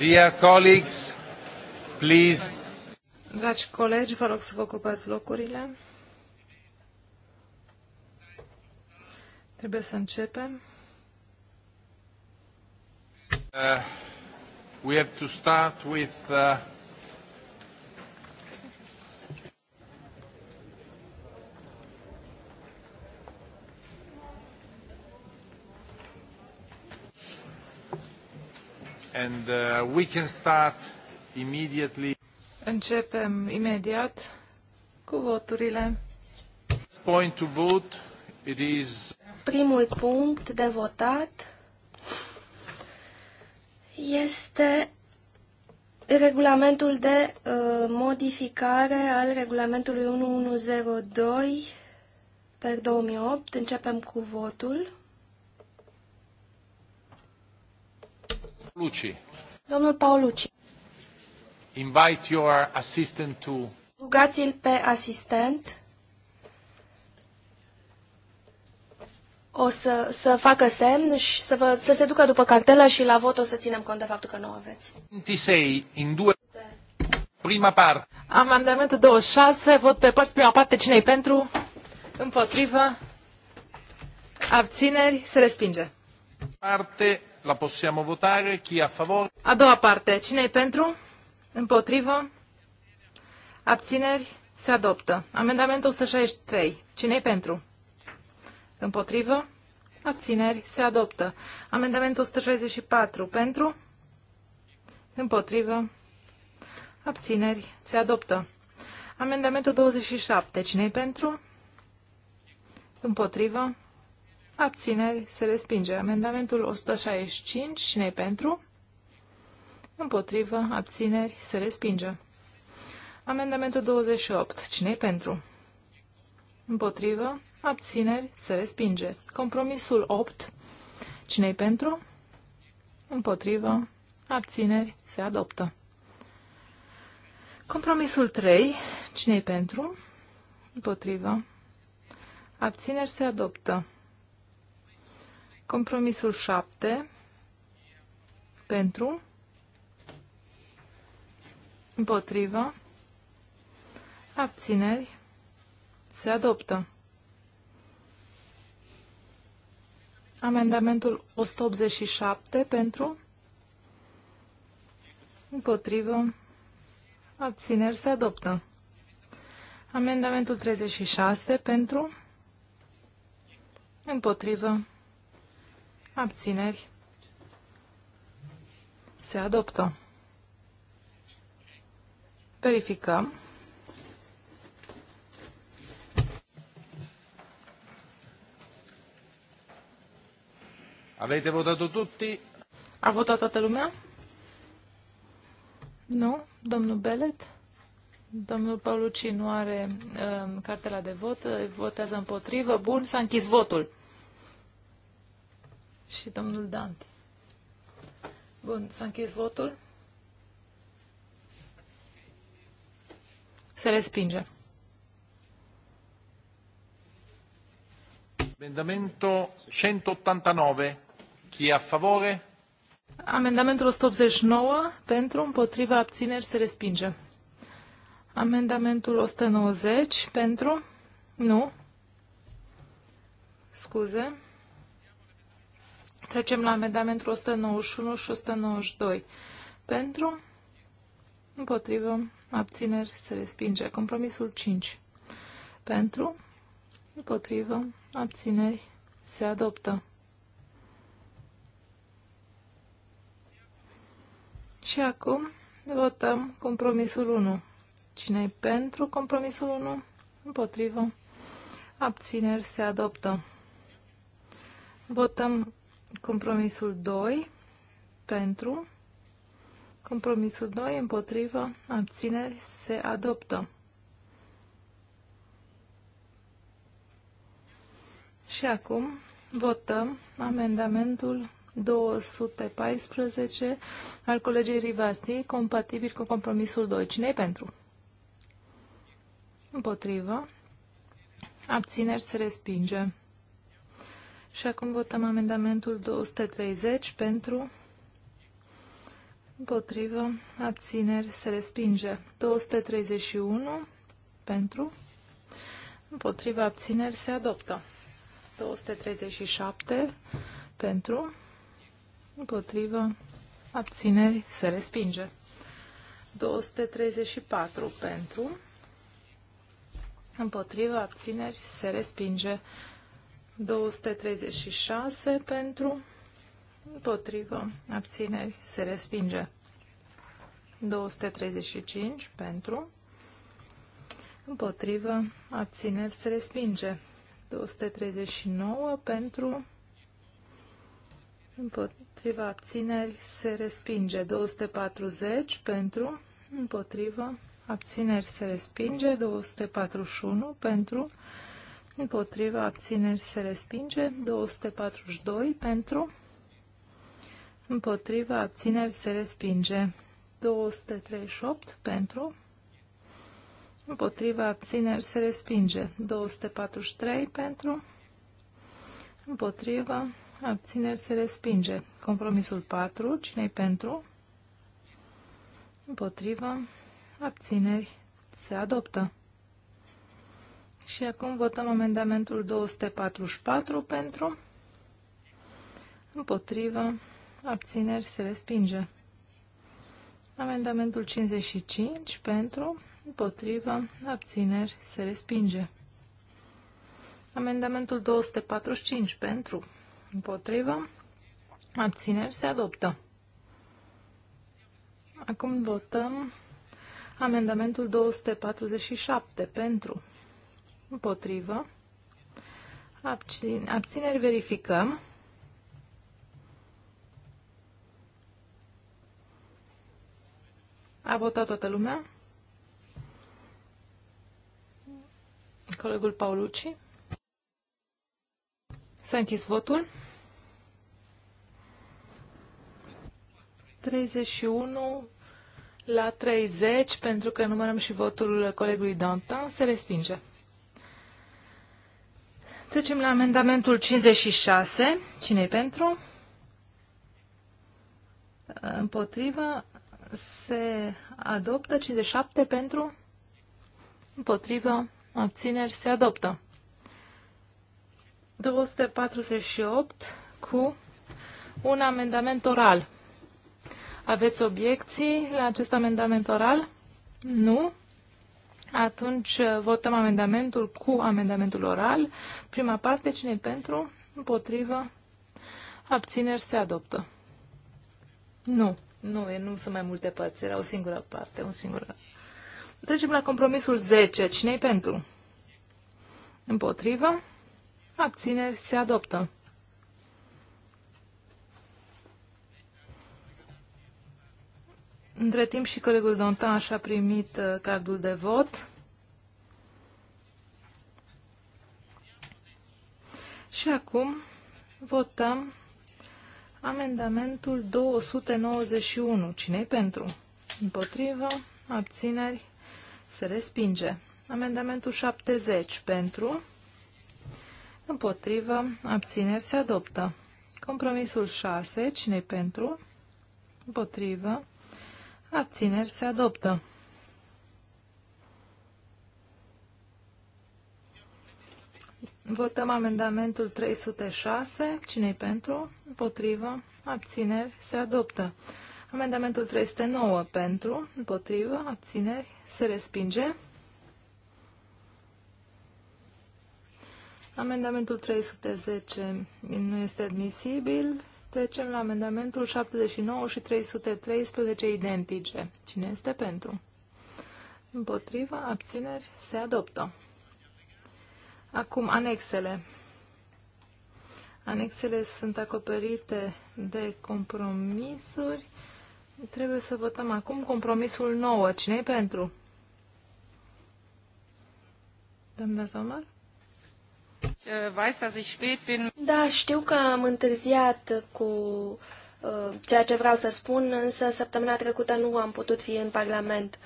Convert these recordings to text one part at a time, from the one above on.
Dear colleagues, please. Dragi colegi, vă rog să vă ocupați locurile. Trebuie să începem. Uh, we have to start with uh, and uh, we can start immediately. Începem imediat cu voturile. Point to vote. It is... Primul punct de votat este regulamentul de uh, modificare al regulamentului 1102 per 2008. Începem cu votul. Luci. Domnul Paolucci. Invite your assistant to... Rugați-l pe asistent o să, să facă semn și să, vă, să se ducă după cartela și la vot o să ținem cont de faptul că nu o aveți. 26, în două... Prima parte. Amendamentul 26, vot pe părți, prima parte, cine pentru? Împotrivă? Abțineri? Se respinge. Parte la possiamo votare, chi a favore? A doua parte, cine e pentru? Împotrivă? Abțineri? Se adoptă. Amendamentul 163. cine e pentru? Împotrivă? Abțineri? Se adoptă. Amendamentul 164. Pentru? Împotrivă? Abțineri? Se adoptă. Amendamentul 27. cine e pentru? Împotrivă? Abțineri se respinge. Amendamentul 165, cine pentru? Împotrivă, abțineri se respinge. Amendamentul 28, cine pentru? Împotrivă, abțineri se respinge. Compromisul 8, cine pentru? Împotrivă, abțineri se adoptă. Compromisul 3, cine pentru? Împotrivă, abțineri se adoptă. Compromisul 7 pentru, împotriva abțineri, se adoptă. Amendamentul 187 pentru, împotrivă, abțineri, se adoptă. Amendamentul 36 pentru, împotrivă, Abțineri. Se adoptă. Verificăm. Avete votat tutti? A votat toată lumea? Nu? Domnul Belet? Domnul Paulucci nu are uh, cartela de vot, votează împotrivă. Bun, s-a închis votul și domnul Dante. Bun, s-a închis votul. Se respinge. Amendamento 189. Chi a favore? Amendamentul 189 pentru, împotriva, abțineri se respinge. Amendamentul 190 pentru, nu, scuze, Trecem la amendamentul 191 și 192. Pentru, împotrivă, abțineri, se respinge. Compromisul 5. Pentru, împotrivă, abțineri, se adoptă. Și acum votăm compromisul 1. cine e pentru compromisul 1? Împotrivă. Abțineri se adoptă. Votăm Compromisul 2 pentru. Compromisul 2 împotrivă abțineri se adoptă. Și acum votăm amendamentul 214 al colegii Rivasi, compatibil cu compromisul 2. cine pentru? Împotrivă. Abțineri se respinge. Și acum votăm amendamentul 230 pentru, împotrivă, abțineri, se respinge. 231 pentru, împotrivă, abțineri, se adoptă. 237 pentru, împotrivă, abțineri, se respinge. 234 pentru, împotrivă, abțineri, se respinge. 236 pentru, împotrivă, abțineri, se respinge. 235 pentru, împotrivă, abțineri, se respinge. 239 pentru, împotriva abțineri, se respinge. 240 pentru, împotrivă, abțineri, se respinge. 241 pentru, împotrivă, împotriva abțineri se respinge, 242 pentru, împotriva abțineri se respinge, 238 pentru, împotriva abțineri se respinge, 243 pentru, împotriva abțineri se respinge, compromisul 4, cine pentru, împotriva abțineri se adoptă. Și acum votăm amendamentul 244 pentru, împotrivă, abțineri se respinge. Amendamentul 55 pentru, împotrivă, abțineri se respinge. Amendamentul 245 pentru, împotrivă, abțineri se adoptă. Acum votăm amendamentul 247 pentru, Împotrivă. Abțineri verificăm. A votat toată lumea? Colegul Paulucci. S-a închis votul. 31 la 30, pentru că numărăm și votul colegului Danta, se respinge. Trecem la amendamentul 56. Cine-i pentru? Împotrivă. Se adoptă. 57 pentru? Împotrivă. obțineri Se adoptă. 248 cu un amendament oral. Aveți obiecții la acest amendament oral? Nu? Atunci uh, votăm amendamentul cu amendamentul oral. Prima parte, cine pentru? Împotrivă? Abțineri se adoptă. Nu, nu, nu sunt mai multe părți, era o singură parte, un singur. Trecem la compromisul 10. Cine-i pentru? Împotrivă? Abțineri se adoptă. Între timp și colegul Dontan și-a primit uh, cardul de vot. Și acum votăm amendamentul 291. Cine-i pentru? Împotrivă? Abțineri? Se respinge. Amendamentul 70 pentru, împotrivă, abțineri se adoptă. Compromisul 6, cine pentru, împotrivă, Abțineri se adoptă. Votăm amendamentul 306. Cine-i pentru? Împotrivă. Abțineri. Se adoptă. Amendamentul 309 pentru, împotrivă, abțineri, se respinge. Amendamentul 310 nu este admisibil. Trecem la amendamentul 79 și 313 identice. Cine este pentru? Împotrivă, abțineri, se adoptă. Acum, anexele. Anexele sunt acoperite de compromisuri. Trebuie să votăm acum compromisul 9. cine e pentru? Doamna Somar? Da, știu că am întârziat cu uh, ceea ce vreau să spun, însă săptămâna trecută nu am putut fi în Parlament.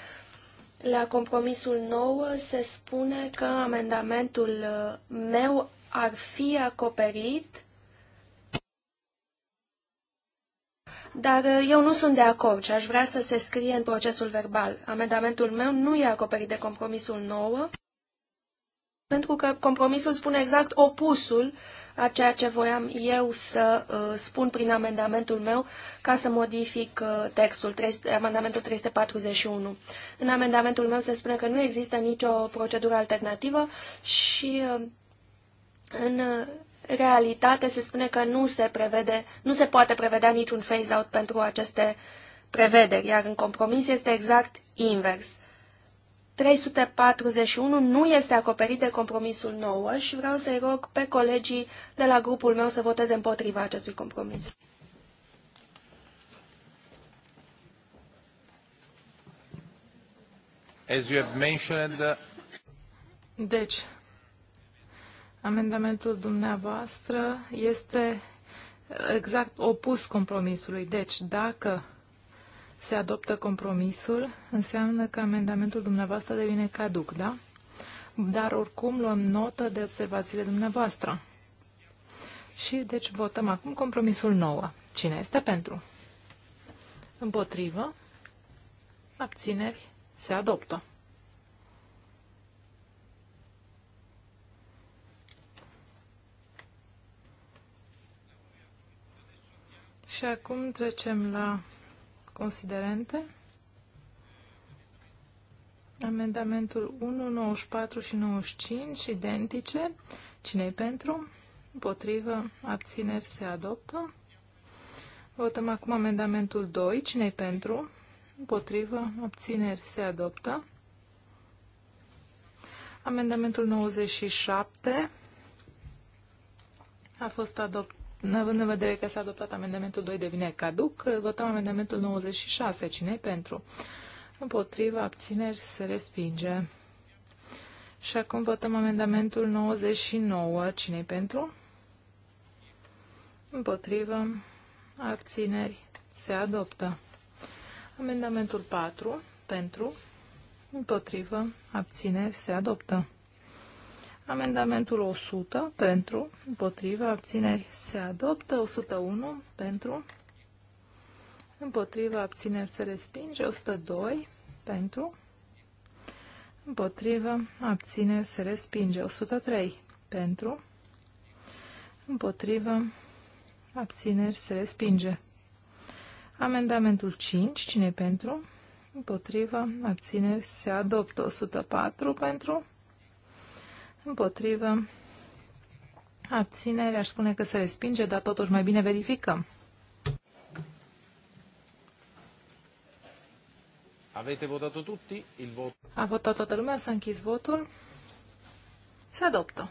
La compromisul nou se spune că amendamentul uh, meu ar fi acoperit, dar uh, eu nu sunt de acord și aș vrea să se scrie în procesul verbal. Amendamentul meu nu e acoperit de compromisul nou pentru că compromisul spune exact opusul a ceea ce voiam eu să uh, spun prin amendamentul meu ca să modific uh, textul, 3, amendamentul 341. În amendamentul meu se spune că nu există nicio procedură alternativă și uh, în realitate se spune că nu se, prevede, nu se poate prevedea niciun phase-out pentru aceste prevederi, iar în compromis este exact invers. 341 nu este acoperit de compromisul 9 și vreau să-i rog pe colegii de la grupul meu să voteze împotriva acestui compromis. As you have mentioned... Uh, deci, amendamentul dumneavoastră este exact opus compromisului. Deci, dacă se adoptă compromisul, înseamnă că amendamentul dumneavoastră devine caduc, da? Dar oricum luăm notă de observațiile dumneavoastră. Și deci votăm acum compromisul nouă. Cine este pentru? Împotrivă? Abțineri? Se adoptă. Și acum trecem la Considerente. Amendamentul 1, 94 și 95, identice. Cine-i pentru? Împotrivă, abțineri, se adoptă. Votăm acum amendamentul 2. Cine-i pentru? Împotrivă, abțineri, se adoptă. Amendamentul 97 a fost adoptat. Având în vedere că s-a adoptat amendamentul 2 devine caduc, votăm amendamentul 96. cine pentru? Împotriva, abțineri, se respinge. Și acum votăm amendamentul 99. cine pentru? Împotrivă, abțineri, se adoptă. Amendamentul 4, pentru, împotrivă, abțineri, se adoptă. Amendamentul 100 pentru, împotriva, abțineri se adoptă, 101 pentru, împotriva, abțineri se respinge, 102 pentru, împotriva, abțineri se respinge, 103 pentru, împotriva, abțineri se respinge. Amendamentul 5, cine pentru? împotriva, abțineri se adoptă, 104 pentru, împotrivă, abținere, aș spune că se respinge, dar totuși mai bine verificăm. Avete votato tutti il voto? A votat toată lumea, s-a închis votul. Se adoptă.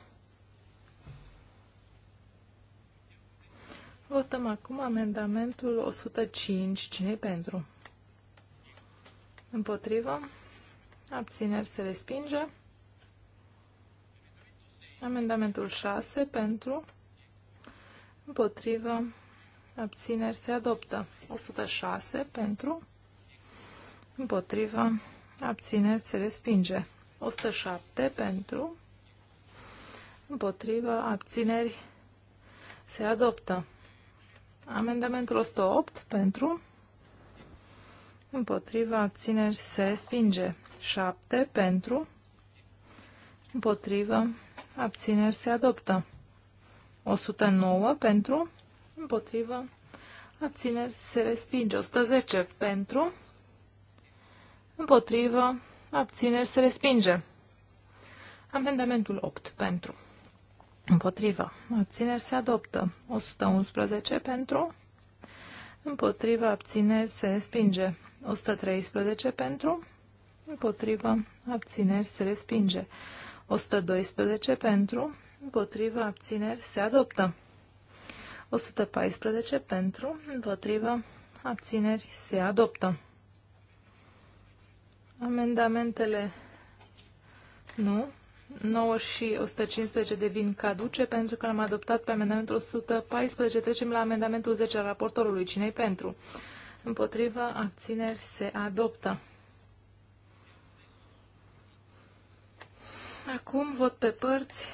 Votăm acum amendamentul 105. Cine-i pentru? Împotrivă? Abțineri se respinge. Amendamentul 6 pentru, împotrivă, abțineri se adoptă. 106 pentru, împotrivă, abțineri se respinge. 107 pentru, împotrivă, abțineri se adoptă. Amendamentul 108 pentru, împotrivă, abțineri se respinge. 7 pentru, împotrivă, abțineri se adoptă. 109 pentru, împotrivă, abțineri se respinge. 110 pentru, împotrivă, abțineri se respinge. Amendamentul 8 pentru, împotrivă, abțineri se adoptă. 111 pentru, împotrivă, abțineri se respinge. 113 pentru, împotrivă, abțineri se respinge. 112 pentru, împotrivă, abțineri, se adoptă. 114 pentru, împotrivă, abțineri, se adoptă. Amendamentele nu. 9 și 115 devin caduce pentru că l-am adoptat pe amendamentul 114. Trecem la amendamentul 10 al raportorului. cine pentru? Împotrivă, abțineri, se adoptă. Acum vot pe părți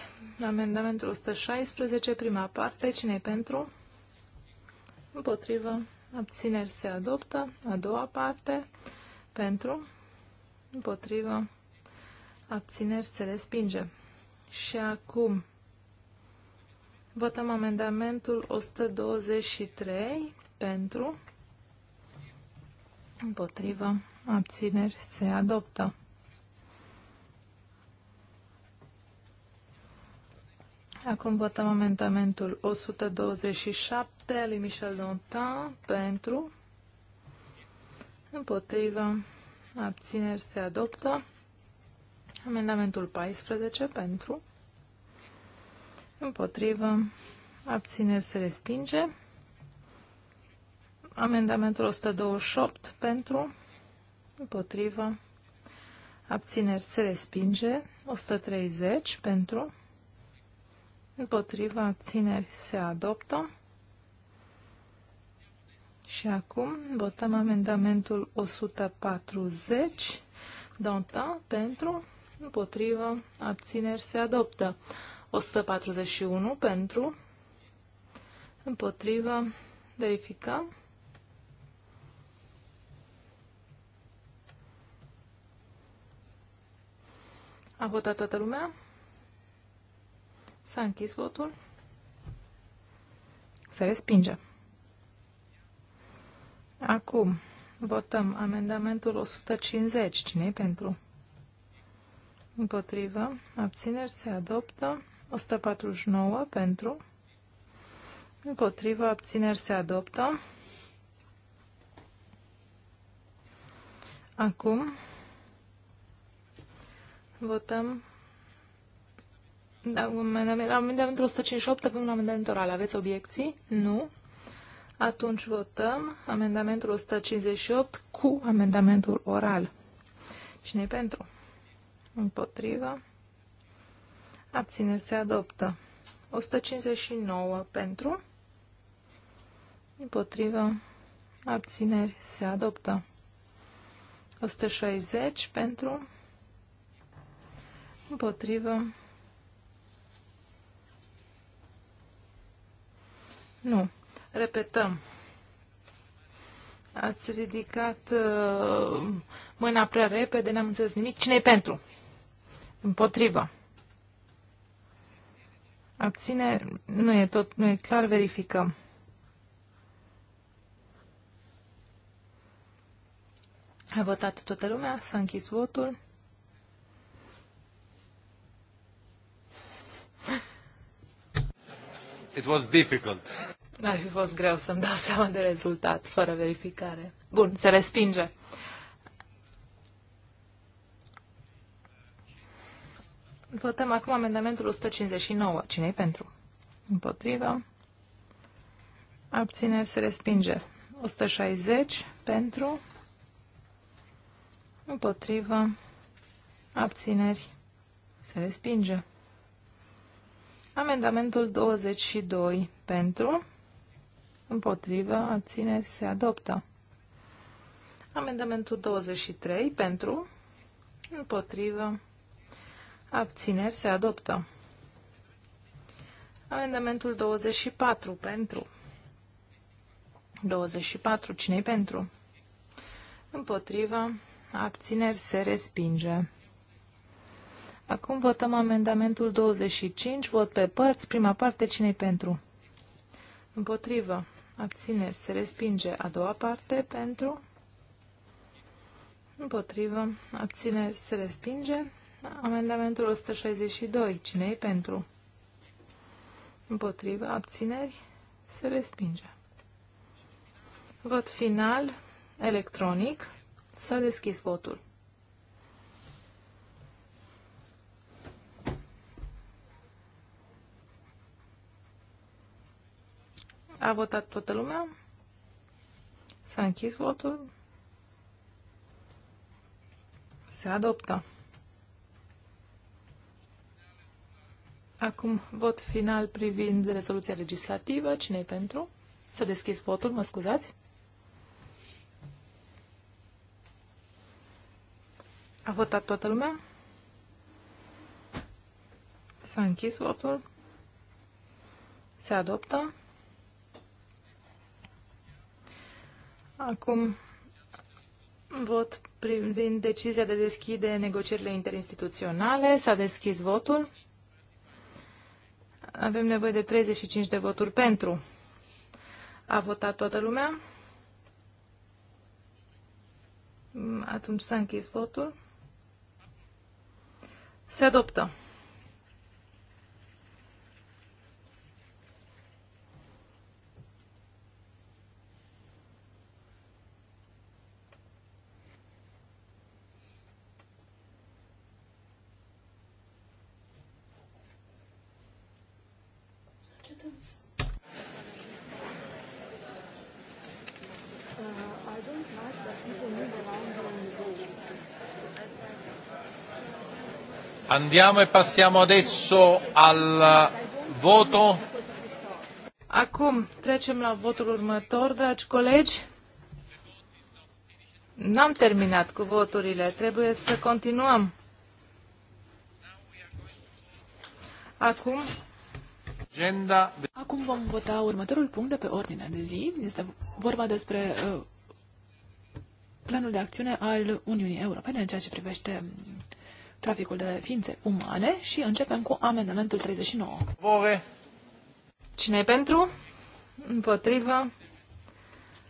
amendamentul 116, prima parte. cine pentru? Împotrivă. Abțineri se adoptă. A doua parte. Pentru. Împotrivă. Abțineri se respinge. Și acum votăm amendamentul 123. Pentru. Împotrivă. Abțineri se adoptă. Acum votăm amendamentul 127 al lui Michel Dantin pentru, împotrivă, abțineri se adoptă. Amendamentul 14 pentru, împotrivă, abțineri se respinge. Amendamentul 128 pentru, împotrivă, abțineri se respinge. 130 pentru, împotriva țineri se adoptă. Și acum votăm amendamentul 140, Dantin, pentru, împotrivă, abțineri se adoptă. 141 pentru, împotrivă, verificăm. A votat toată lumea? S-a închis votul. Se respinge. Acum votăm amendamentul 150. cine pentru? Împotrivă. Abțineri se adoptă. 149 pentru. Împotrivă. Abțineri se adoptă. Acum votăm da, amendamentul 158 avem un amendament oral. Aveți obiecții? Nu. Atunci votăm amendamentul 158 cu amendamentul oral. cine pentru? Împotrivă. Abțineri se adoptă. 159 pentru. Împotrivă. Abțineri se adoptă. 160 pentru. Împotrivă. Nu. Repetăm. Ați ridicat uh, mâna prea repede, n-am înțeles nimic. cine e pentru? Împotrivă. Abține, nu e tot, nu e clar, verificăm. A votat toată lumea, s-a închis votul. It was difficult. Ar fi fost greu să-mi dau seama de rezultat, fără verificare. Bun, se respinge. Votăm acum amendamentul 159. Cine-i pentru? Împotrivă. Abține, se respinge. 160 pentru. Împotrivă. Abțineri se respinge. Amendamentul 22 pentru, împotrivă, abține, se adoptă. Amendamentul 23 pentru, împotrivă, abțineri, se adoptă. Amendamentul 24 pentru, 24, cine pentru? Împotrivă, abțineri, se respinge. Acum votăm amendamentul 25, vot pe părți, prima parte, cine pentru? Împotrivă, abțineri, se respinge. A doua parte, pentru? Împotrivă, abțineri, se respinge. Amendamentul 162, cine e pentru? Împotrivă, abțineri, se respinge. Vot final, electronic, s-a deschis votul. A votat toată lumea? S-a închis votul? Se adoptă. Acum vot final privind rezoluția legislativă. cine e pentru? Să deschis votul, mă scuzați. A votat toată lumea? S-a închis votul. Se adoptă. Acum vot privind decizia de deschide negocierile interinstituționale. S-a deschis votul. Avem nevoie de 35 de voturi pentru. A votat toată lumea? Atunci s-a închis votul. Se adoptă. Andiamo e passiamo adesso al uh, voto. Acum trecem la votul următor, dragi colegi. N-am terminat cu voturile, trebuie să continuăm. Acum Acum vom vota următorul punct de pe ordinea de zi. Este vorba despre uh, planul de acțiune al Uniunii Europene în ceea ce privește traficul de ființe umane și începem cu amendamentul 39. Vore. Cine e pentru? Împotrivă.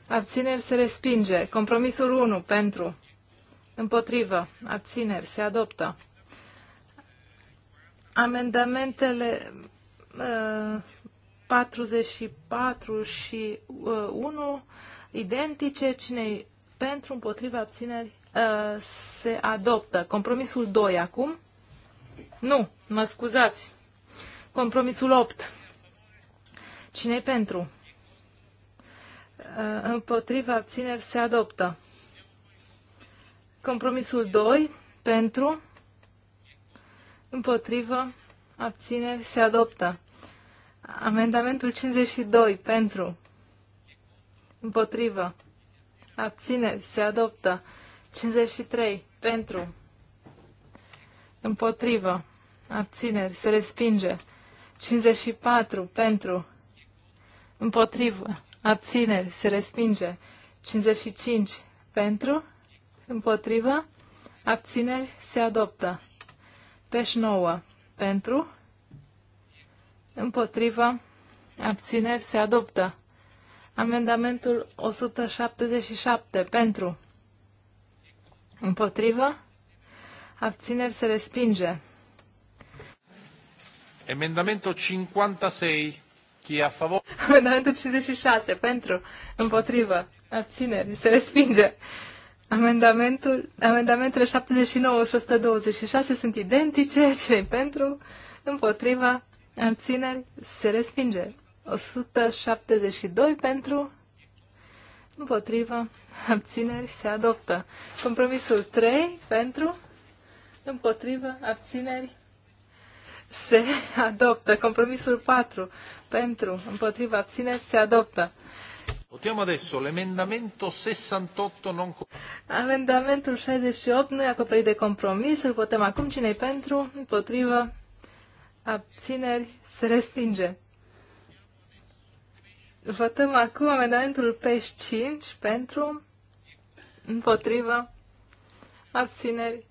Abțineri se respinge. Compromisul 1 pentru. Împotrivă. Abțineri se adoptă. Amendamentele uh, 44 și uh, 1 identice. Cine pentru? Împotrivă. Abțineri Uh, se adoptă. Compromisul 2 acum? Nu, mă scuzați. Compromisul 8. cine uh, pentru? Împotriva abțineri se adoptă. Compromisul 2 pentru? Împotrivă abțineri se adoptă. Amendamentul 52 pentru? Împotrivă abțineri se adoptă. 53. Pentru. Împotrivă. Abțineri. Se respinge. 54. Pentru. Împotrivă. Abțineri. Se respinge. 55. Pentru. Împotrivă. Abțineri. Se adoptă. Peș 9. Pentru. Împotrivă. Abțineri. Se adoptă. Amendamentul 177. Pentru. Împotrivă? Abțineri se respinge. Emendamentul 56. Chi e a favor? Amendamentul 56. Pentru. Împotrivă. Abțineri. Se respinge. Amendamentul, amendamentele 79 și 126 sunt identice. Cei pentru? Împotriva. Abțineri. Se respinge. 172 pentru. împotriva, abțineri, se adoptă. Compromisul 3 pentru, împotrivă, abțineri, se adoptă. Compromisul 4 pentru, împotrivă, abțineri, se adoptă. Votăm adesso l'emendamento 68 non... Amendamentul 68 nu e acoperit de compromis, îl votăm acum. cine pentru? Împotrivă? Abțineri? Se respinge. Votăm acum amendamentul PES 5 pentru? Împotrivă. Abțineri.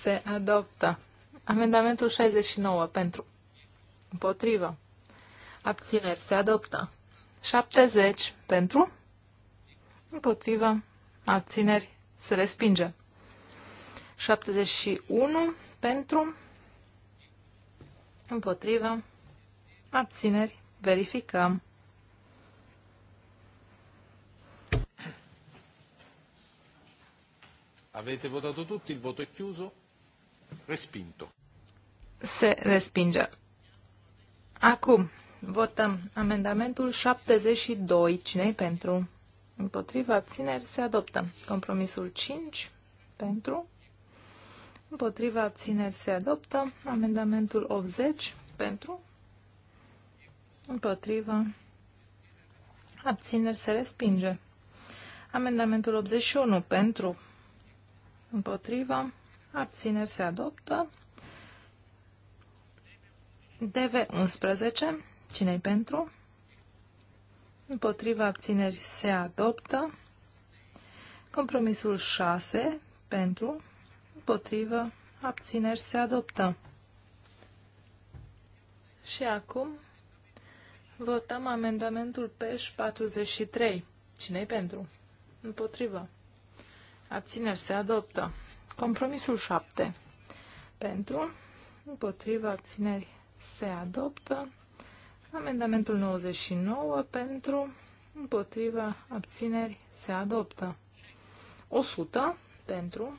Se adoptă. Amendamentul 69 pentru. Împotrivă. Abțineri. Se adoptă. 70 pentru. Împotrivă. Abțineri. Se respinge. 71 pentru. Împotrivă. Abțineri. Verificăm. Avete votato tutti, il voto è chiuso. Respinto. Se respinge. Acum votăm amendamentul 72. cine pentru? Împotriva abțineri se adoptă. Compromisul 5 pentru. Împotriva abțineri se adoptă. Amendamentul 80 pentru. Împotriva abțineri se respinge. Amendamentul 81 pentru împotrivă, abțineri se adoptă. DV11, cine e pentru? Împotrivă abțineri se adoptă. Compromisul 6, pentru, împotrivă, abțineri se adoptă. Și acum votăm amendamentul PEș 43. cine e pentru? Împotrivă. Abțineri se adoptă. Compromisul 7. Pentru. Împotriva abțineri se adoptă. Amendamentul 99 pentru. Împotriva abțineri se adoptă. 100 pentru.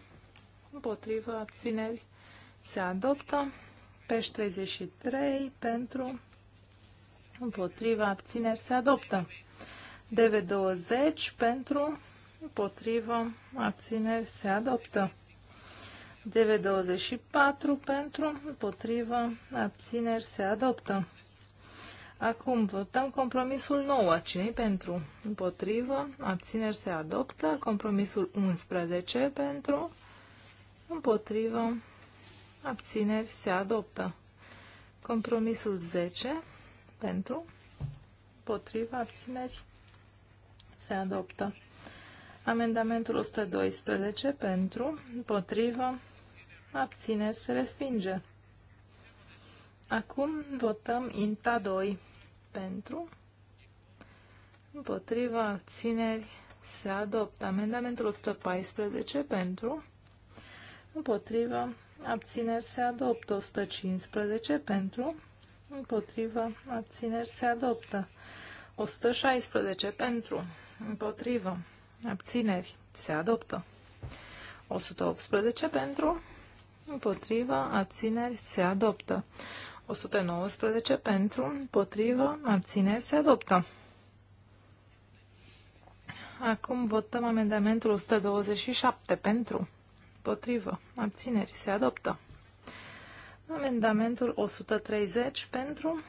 Împotriva abțineri se adoptă. Peș 33 pentru. Împotriva abțineri se adoptă. DV20 pentru împotrivă, abțineri, se adoptă. DV24 pentru, împotrivă, abțineri, se adoptă. Acum votăm compromisul 9. cine pentru? Împotrivă, abțineri, se adoptă. Compromisul 11 pentru, împotrivă, abțineri, se adoptă. Compromisul 10 pentru, împotrivă, abțineri, se adoptă. Amendamentul 112 pentru, împotrivă, abțineri se respinge. Acum votăm INTA 2 pentru, împotrivă, abțineri se adoptă. Amendamentul 114 pentru, împotrivă, abțineri se adoptă. 115 pentru, împotrivă, abțineri se adoptă. 116 pentru, împotrivă abțineri, se adoptă. 118 pentru, împotrivă, abțineri, se adoptă. 119 pentru, împotrivă, abțineri, se adoptă. Acum votăm amendamentul 127 pentru, împotrivă, abțineri, se adoptă. Amendamentul 130 pentru,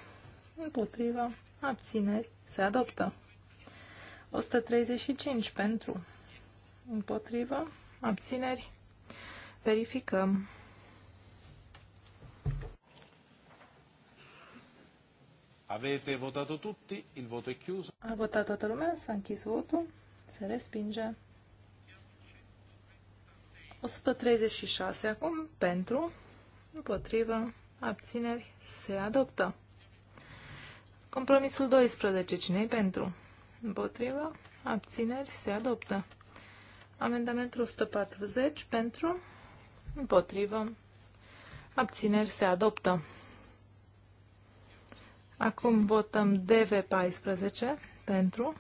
împotrivă, abțineri, se adoptă. 135 pentru, împotrivă, abțineri, verificăm. Avete votato tutti, il voto è chiuso. Ha votato toată lumea, s-a închis votul, se respinge. 136 acum pentru, împotrivă, abțineri, se adoptă. Compromisul 12, cine pentru? Împotrivă. Abțineri. Se adoptă. Amendamentul 140 pentru. Împotrivă. Abțineri. Se adoptă. Acum votăm DV14 pentru.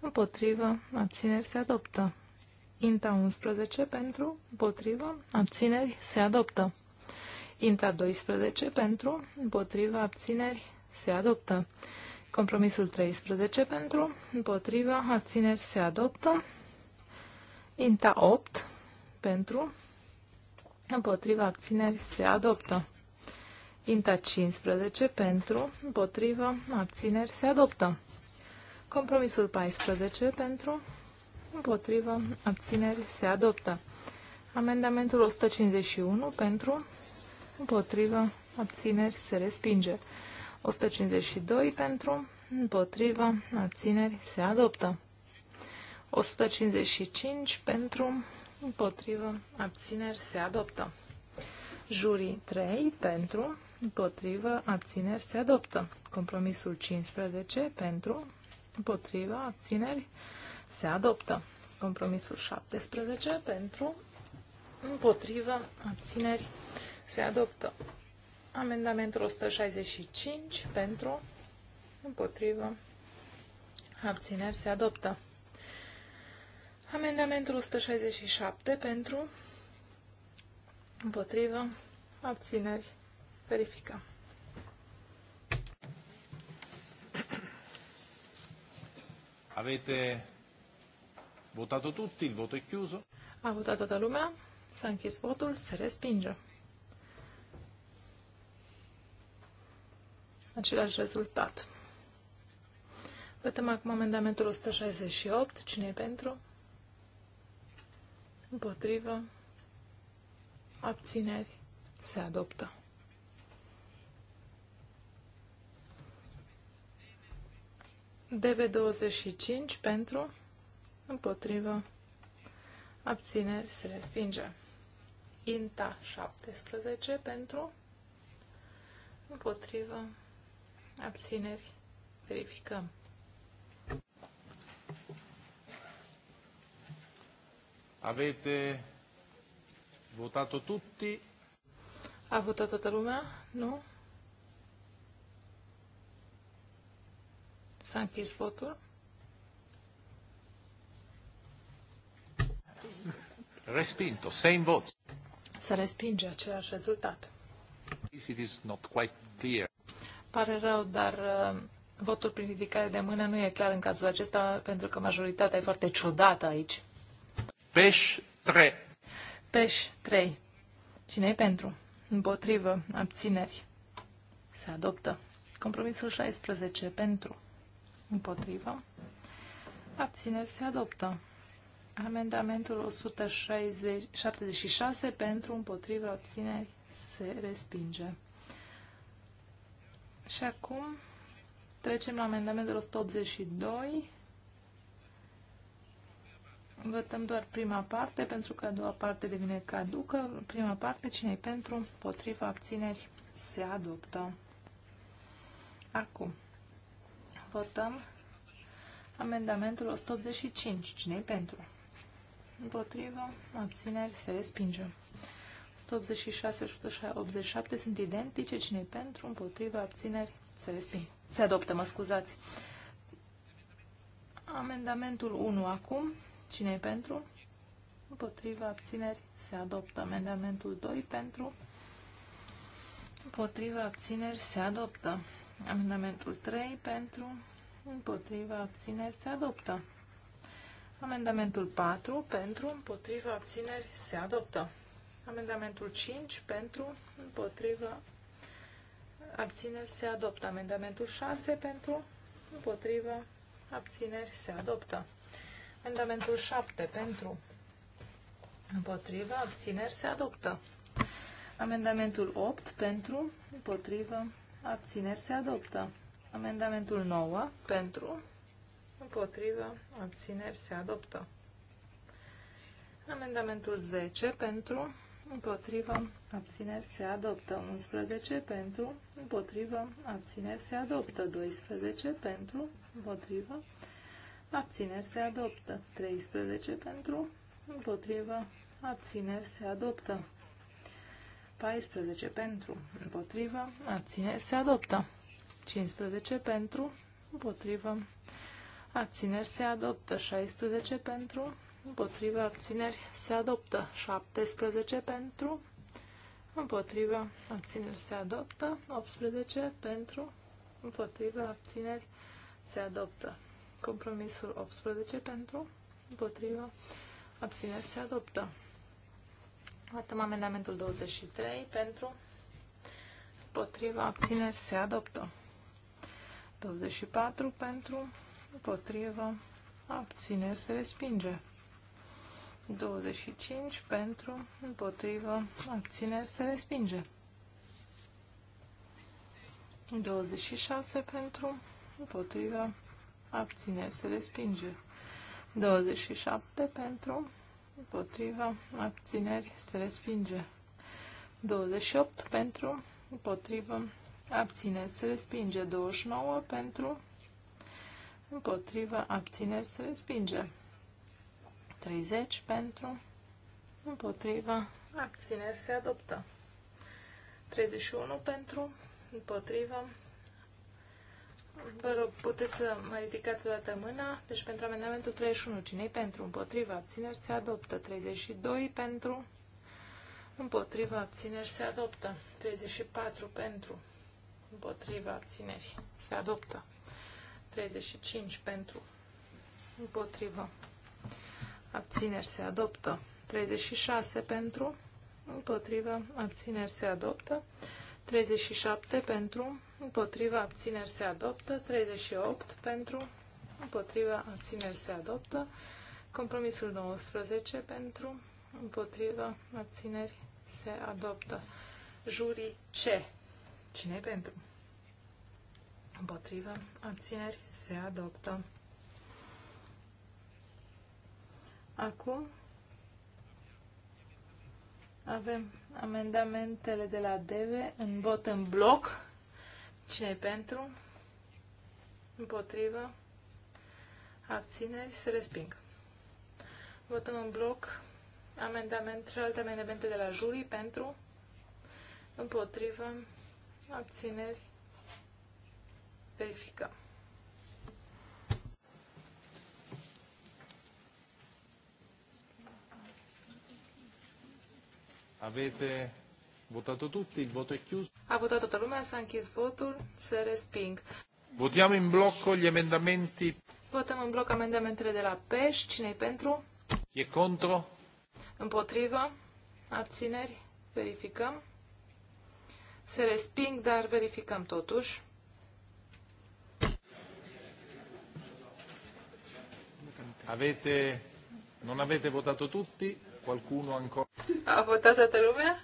Împotrivă. Abțineri. Se adoptă. INTA 11 pentru, împotrivă, abțineri, se adoptă. INTA 12 pentru, împotrivă, abțineri, se adoptă. Compromisul 13 pentru, împotriva, abțineri se adoptă. Inta 8 pentru, împotriva, abțineri se adoptă. Inta 15 pentru, împotriva, abțineri se adoptă. Compromisul 14 pentru, împotriva, abțineri se adoptă. Amendamentul 151 pentru, împotriva, abțineri se respinge. 152 pentru, împotrivă, abțineri, se adoptă. 155 pentru, împotrivă, abțineri, se adoptă. Jurii 3 pentru, împotrivă, abțineri, se adoptă. Compromisul 15 pentru, împotrivă, abțineri, se adoptă. Compromisul 17 pentru, împotrivă, abțineri, se adoptă. Amendamentul 165 pentru, împotrivă, abțineri se adoptă. Amendamentul 167 pentru, împotrivă, abțineri, verificăm. Avete votato tutti, il voto è chiuso. A votat toată lumea, s-a închis votul, se respinge. același rezultat. Votăm acum amendamentul 168. Cine e pentru? Împotrivă. Abțineri. Se adoptă. DB25 pentru, împotrivă, abțineri, se respinge. INTA 17 pentru, împotrivă, abțineri, verificăm. Avete votato tutti? A votat toată lumea? Nu? S-a închis votul? Respinto, same votes. Se respinge același rezultat. It is not quite clear. Pare rău, dar uh, votul prin ridicare de mână nu e clar în cazul acesta, pentru că majoritatea e foarte ciudată aici. Peș 3. Peș 3. Cine e pentru? Împotrivă. Abțineri. Se adoptă. Compromisul 16. Pentru. Împotrivă. Abțineri. Se adoptă. Amendamentul 176 pentru împotriva abțineri se respinge. Și acum trecem la amendamentul 182. Votăm doar prima parte, pentru că a doua parte devine caducă. Prima parte, cine pentru, potriva, abțineri, se adoptă. Acum, votăm amendamentul 185. cine pentru? Împotrivă, abțineri, se respinge. 186 și 187 sunt identice. Cine pentru, împotriva, abțineri, se resping. Se adoptă, mă scuzați. Amendamentul 1 acum. cine pentru? Împotriva, abțineri, se adoptă. Amendamentul 2 pentru, împotriva, abțineri, se adoptă. Amendamentul 3 pentru, împotriva, abțineri, se adoptă. Amendamentul 4 pentru, împotriva, abțineri, se adoptă. Amendamentul 5 pentru, împotrivă, abțineri se adoptă. Amendamentul 6 pentru, împotrivă, abțineri se adoptă. Amendamentul 7 pentru, împotrivă, abțineri se adoptă. Amendamentul 8 pentru, împotrivă, abțineri se adoptă. Amendamentul 9 pentru, împotrivă, abțineri se adoptă. Amendamentul 10 pentru, împotrivă, abțineri se adoptă. 11 pentru, împotrivă, abțineri se adoptă. 12 pentru, împotrivă, abțineri se adoptă. 13 pentru, împotrivă, abțineri se adoptă. 14 pentru, împotrivă, abțineri se adoptă. 15 pentru, împotrivă, abțineri se adoptă. 16 pentru, împotriva abțineri se adoptă. 17 pentru, împotriva abțineri se adoptă. 18 pentru, împotriva abțineri se adoptă. Compromisul 18 pentru, împotriva abțineri se adoptă. atăm amendamentul 23 pentru, împotriva abțineri se adoptă. 24 pentru, împotriva abțineri se respinge. 25 pentru, împotrivă, abțineri se respinge. 26 pentru, împotrivă, abține, se respinge. 27 pentru, împotrivă, abțineri se respinge. 28 pentru, împotrivă, abține, se respinge. 29 pentru, împotrivă, abține, se respinge. 30 pentru, împotriva, abțineri se adoptă. 31 pentru, împotriva, Vă rog, puteți să mă ridicați o dată mâna. Deci pentru amendamentul 31, cine pentru? Împotriva abțineri se adoptă. 32 pentru. Împotriva abțineri se adoptă. 34 pentru. Împotriva abțineri se adoptă. 35 pentru. Împotriva abțineri se adoptă. 36 pentru, împotriva, abțineri se adoptă. 37 pentru, împotriva, abțineri se adoptă. 38 pentru, împotriva, abțineri se adoptă. Compromisul 19 pentru, împotriva, abțineri se adoptă. Jurii C. cine pentru? Împotriva, abțineri se adoptă. Acum avem amendamentele de la DEVE în vot în bloc. cine pentru? Împotrivă? Abțineri? Se resping. Votăm în bloc amendament, celelalte amendamente de la jurii pentru? Împotrivă? Abțineri? Verificăm. Avete votato tutti, il voto è chiuso. Ha votato tutta lumea, s-a închis votul, se resping. Votiamo in blocco gli emendamenti. Votăm în bloc emendamentele de la PEș. cine e pentru? E contro? Împotrivă? Abțineri? Verificăm. Se resping, dar verificăm totuși. Avete, non avete votato tutti? Qualcuno ancora? A votato toată lumea?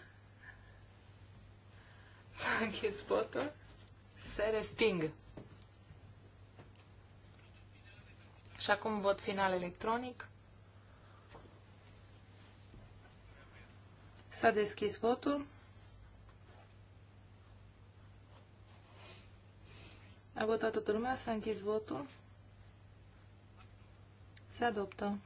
S-a închis votul. Se resping. Și acum vot final electronic. S-a deschis votul. A votat toată lumea, s-a închis votul. Se adoptă.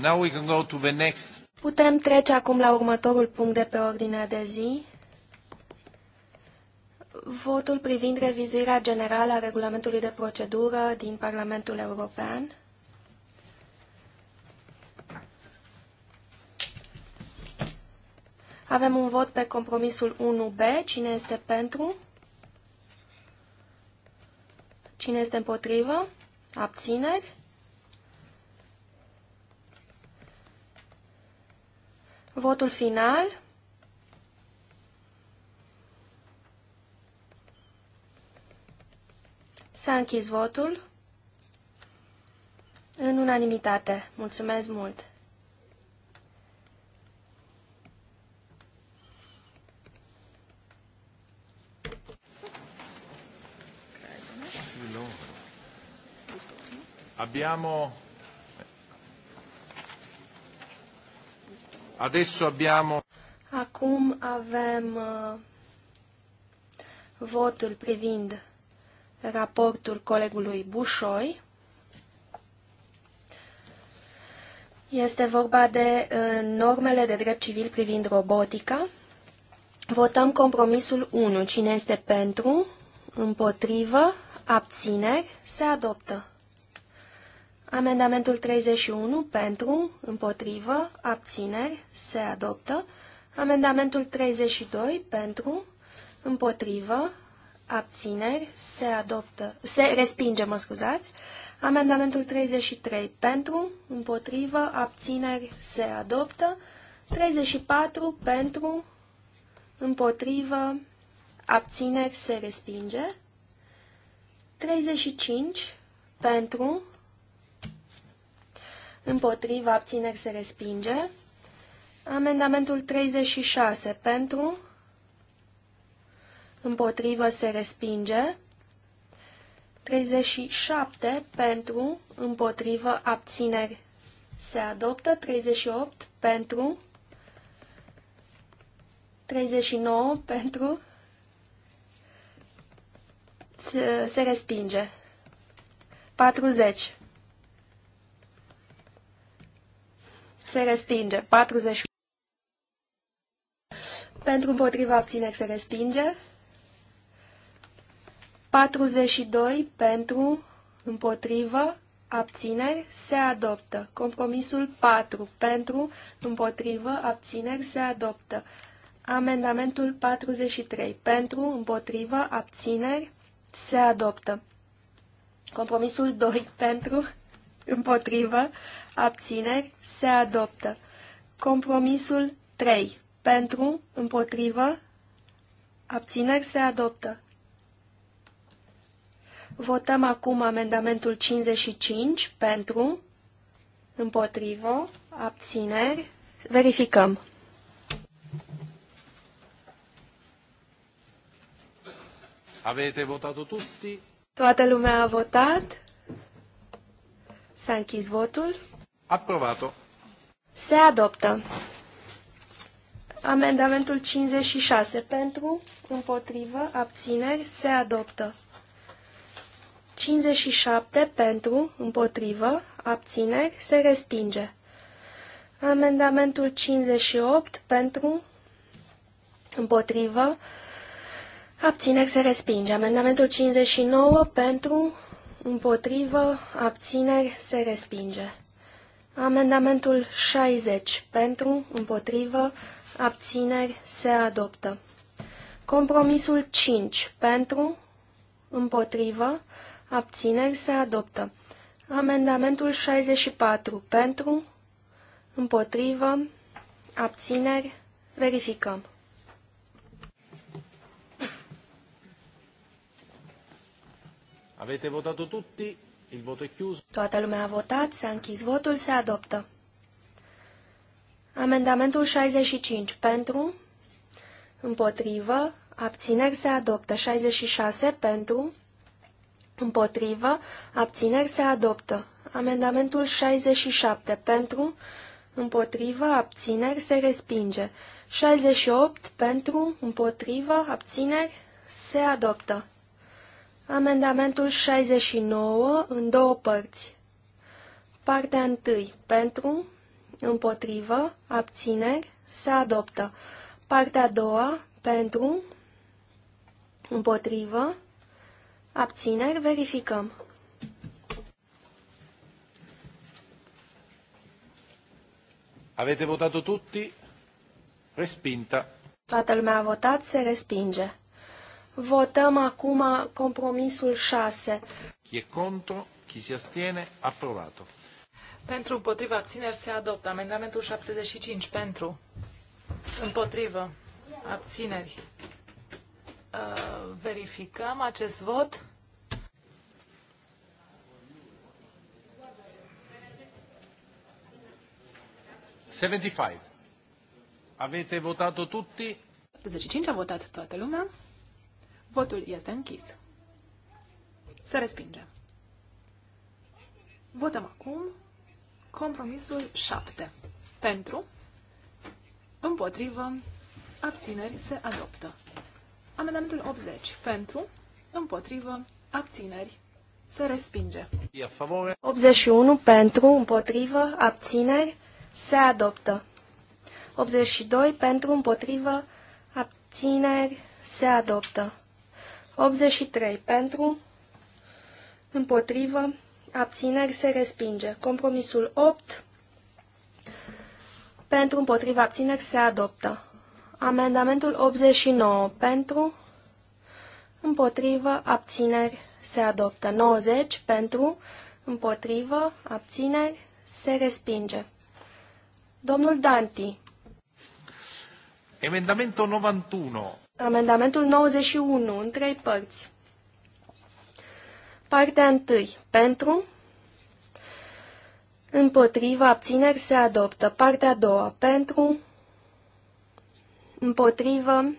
Now we can go to the next. Putem trece acum la următorul punct de pe ordinea de zi. Votul privind revizuirea generală a regulamentului de procedură din Parlamentul European. Avem un vot pe compromisul 1B. Cine este pentru? Cine este împotrivă? Abțineri? Votul final. S-a închis votul. În unanimitate. Mulțumesc mult! Abbiamo Adesso abbiamo Acum avem uh, votul privind raportul colegului Bușoi. Este vorba de uh, normele de drept civil privind robotica. Votăm compromisul 1. Cine este pentru? Împotrivă? Abțineri? Se adoptă. Amendamentul 31 pentru, împotrivă, abțineri, se adoptă. Amendamentul 32 pentru, împotrivă, abțineri, se adoptă, se respinge, mă scuzați. Amendamentul 33 pentru, împotrivă, abțineri, se adoptă. 34 pentru, împotrivă, abțineri, se respinge. 35 pentru, împotriva, abțineri se respinge. Amendamentul 36 pentru, împotrivă se respinge. 37 pentru, împotrivă, abțineri se adoptă. 38 pentru, 39 pentru, se, se respinge. 40 se respinge. 40 pentru împotriva abțineri se respinge. 42 pentru împotriva abțineri se adoptă. Compromisul 4 pentru împotriva abțineri se adoptă. Amendamentul 43 pentru împotriva abțineri se adoptă. Compromisul 2 pentru împotrivă, abțineri, se adoptă. Compromisul 3. Pentru, împotrivă, abțineri, se adoptă. Votăm acum amendamentul 55 pentru, împotrivă, abțineri. Verificăm. Avete votat tutti? Toată lumea a votat. S-a închis votul. Approvato. Se adoptă. Amendamentul 56 pentru, împotrivă, abțineri, se adoptă. 57 pentru, împotrivă, abțineri, se respinge. Amendamentul 58 pentru, împotrivă, abțineri, se respinge. Amendamentul 59 pentru, împotrivă, abțineri, se respinge. Amendamentul 60 pentru, împotrivă, abțineri se adoptă. Compromisul 5 pentru, împotrivă, abțineri se adoptă. Amendamentul 64 pentru, împotrivă, abțineri, verificăm. Avete votato tutti? Il voto è chiuso. Toată lumea a votat, s-a închis votul, se adoptă. Amendamentul 65 pentru, împotrivă, abțineri se adoptă. 66 pentru, împotrivă, abțineri se adoptă. Amendamentul 67 pentru, împotrivă, abțineri se respinge. 68 pentru, împotrivă, abțineri se adoptă. Amendamentul 69 în două părți. Partea 1. Pentru, împotrivă, abțineri, se adoptă. Partea a doua, pentru, împotrivă, abțineri, verificăm. Avete votato tutti? Respinta. Toată lumea a votat, se respinge. Votăm acum compromisul 6. Chi e contro, chi si astiene, approvato. Pentru, împotriva, abțineri se adoptă. Amendamentul 75. Pentru, împotrivă, abțineri. Uh, verificăm acest vot. Seventy-five. Avete votato tutti? 75 a votat toată lumea. Votul este închis. Se respinge. Votăm acum compromisul 7. Pentru, împotrivă, abțineri se adoptă. Amendamentul 80. Pentru, împotrivă, abțineri se respinge. 81. Pentru, împotrivă, abțineri se adoptă. 82. Pentru, împotrivă, abțineri se adoptă. 83 pentru, împotrivă, abțineri se respinge. Compromisul 8 pentru, împotrivă, abțineri se adoptă. Amendamentul 89 pentru, împotrivă, abțineri se adoptă. 90 pentru, împotrivă, abțineri se respinge. Domnul Danti. Emendamento 91. Amendamentul 91, în trei părți. Partea 1. Pentru. Împotriva abțineri se adoptă. Partea a doua. Pentru. Împotrivă.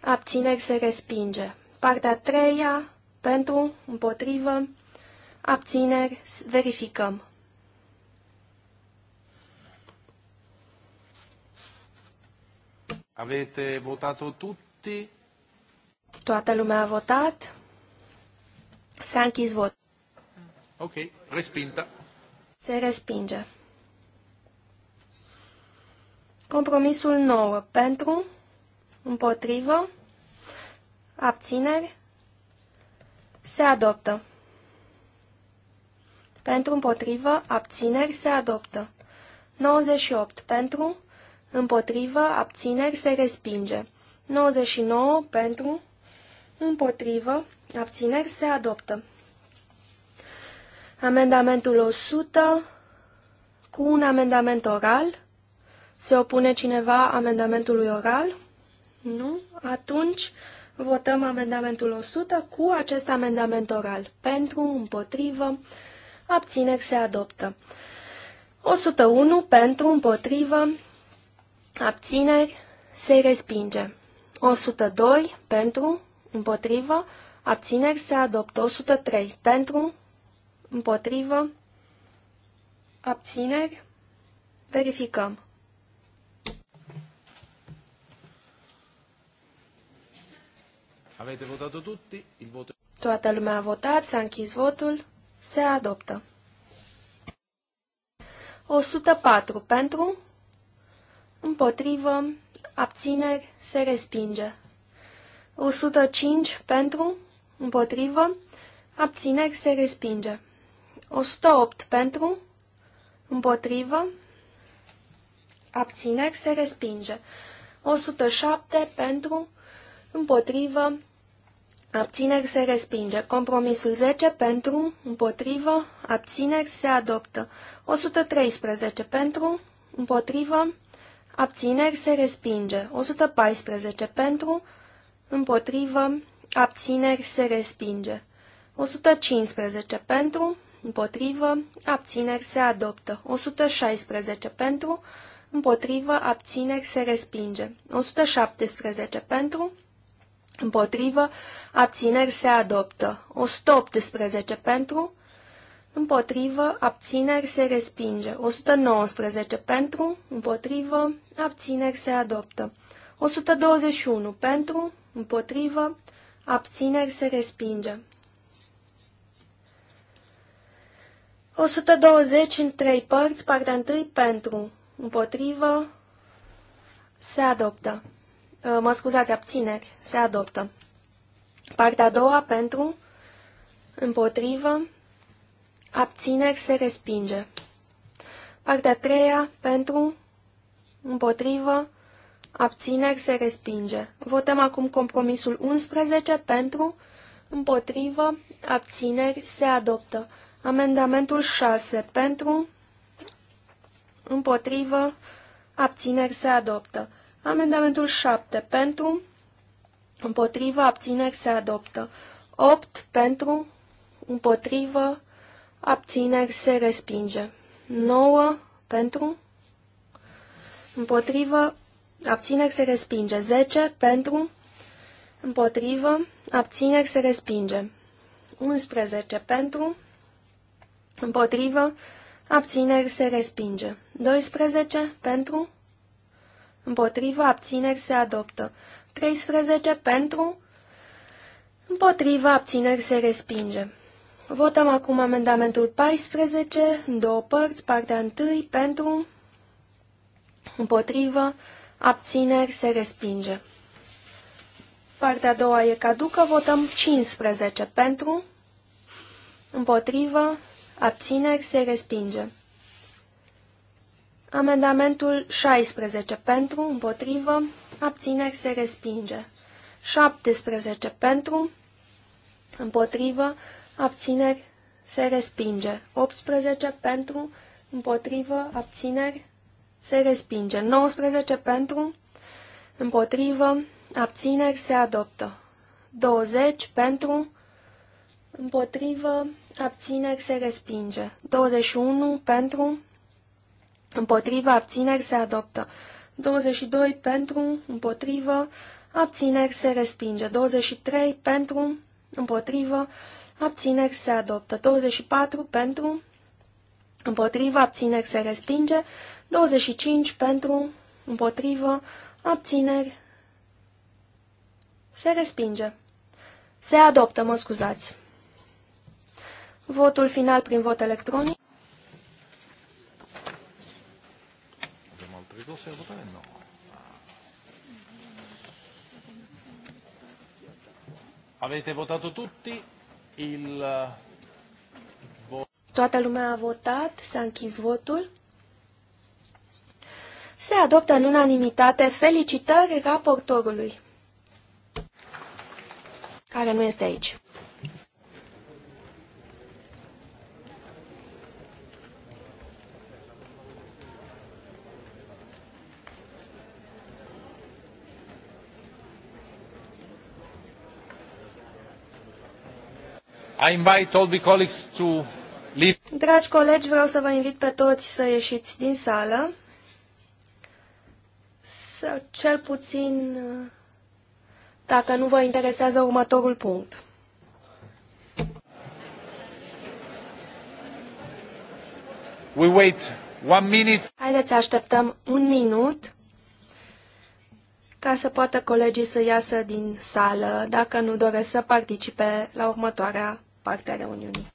Abțineri se respinge. Partea a treia. Pentru. Împotrivă. Abțineri. Verificăm. Avete votato tutti? Toată lumea a votat. S-a închis vot. Ok, respinta. Se respinge. Compromisul 9 pentru, împotrivă, abțineri, se adoptă. Pentru, împotrivă, abțineri, se adoptă. 98 pentru, împotrivă, abțineri, se respinge. 99 pentru, împotrivă, abțineri, se adoptă. Amendamentul 100 cu un amendament oral. Se opune cineva amendamentului oral? Nu? Atunci votăm amendamentul 100 cu acest amendament oral. Pentru, împotrivă, abțineri se adoptă. 101 pentru, împotrivă, abțineri, se respinge. 102 pentru, împotrivă, abțineri se adoptă. 103 pentru, împotrivă, abțineri, verificăm. Avete votato tutti, il voto... Toată lumea a votat, s-a închis votul, se adoptă. 104 pentru, împotrivă, abțineri, se respinge. 105 pentru, împotrivă, abțineri, se respinge. 108 pentru, împotrivă, abțineri, se respinge. 107 pentru, împotrivă, abțineri, se respinge. Compromisul 10 pentru, împotrivă, abțineri, se adoptă. 113 pentru, împotrivă, Abțineri se respinge. 114 pentru, împotrivă, abțineri se respinge. 115 pentru, împotrivă, abțineri se adoptă. 116 pentru, împotrivă, abțineri se respinge. 117 pentru, împotrivă, abțineri se adoptă. 118 pentru, împotrivă, abțineri, se respinge. 119 pentru, împotrivă, abțineri, se adoptă. 121 pentru, împotrivă, abțineri, se respinge. 120 în trei părți, partea întâi pentru, împotrivă, se adoptă. Ă, mă scuzați, abțineri, se adoptă. Partea a doua pentru, împotrivă, Abțineri se respinge. Partea treia, pentru, împotrivă, abțineri se respinge. Votăm acum compromisul 11, pentru, împotrivă, abțineri se adoptă. Amendamentul 6, pentru, împotrivă, abțineri se adoptă. Amendamentul 7, pentru, împotrivă, abțineri se adoptă. 8, pentru, împotrivă, abțineri Abțineri se respinge. 9 pentru. Împotrivă. Abțineri se respinge. 10 pentru. Împotrivă. Abțineri se respinge. 11 pentru. Împotrivă. Abțineri se respinge. 12 pentru. Împotrivă. Abțineri se adoptă. 13 pentru. Împotrivă. Abțineri se respinge. Votăm acum amendamentul 14 în două părți, partea 1 pentru, împotrivă, abțineri, se respinge. Partea a doua e caducă, votăm 15 pentru, împotrivă, abțineri, se respinge. Amendamentul 16 pentru, împotrivă, abțineri, se respinge. 17 pentru, împotrivă, abțineri, se respinge. 18 pentru, împotrivă, abțineri, se respinge. 19 pentru, împotrivă, abțineri, se adoptă. 20 pentru, împotrivă, abțineri, se respinge. 21 pentru, împotrivă, abțineri, se adoptă. 22 pentru, împotrivă, abțineri, se respinge. 23 pentru, împotrivă, abțineri, abțineri se adoptă. 24 pentru, împotrivă, abțineri se respinge. 25 pentru, împotrivă, abțineri se respinge. Se adoptă, mă scuzați. Votul final prin vot electronic. Avete votato tutti? Il... Uh, Toată lumea a votat, s-a închis votul. Se adoptă în unanimitate felicitări raportorului, care nu este aici. Dragi colegi, vreau să vă invit pe toți să ieșiți din sală. să cel puțin dacă nu vă interesează următorul punct. We wait one minute. Haideți să așteptăm un minut ca să poată colegii să iasă din sală dacă nu doresc să participe la următoarea parte ale Uniunii.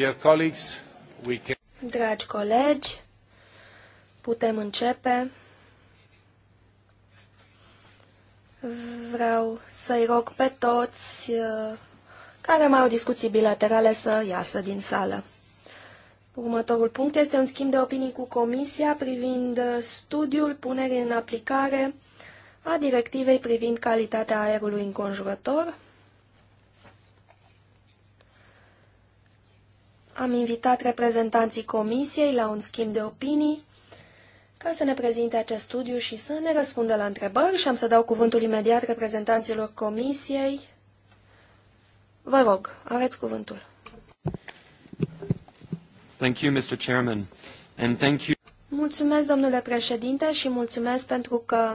Dear colleagues, we can... Dragi colegi, putem începe. Vreau să-i rog pe toți uh, care mai au discuții bilaterale să iasă din sală. Următorul punct este un schimb de opinii cu Comisia privind uh, studiul punerii în aplicare a directivei privind calitatea aerului înconjurător Am invitat reprezentanții comisiei la un schimb de opinii ca să ne prezinte acest studiu și să ne răspundă la întrebări și am să dau cuvântul imediat reprezentanților comisiei. Vă rog, aveți cuvântul. Thank you, Mr. Chairman, and thank you... Mulțumesc, domnule președinte, și mulțumesc pentru că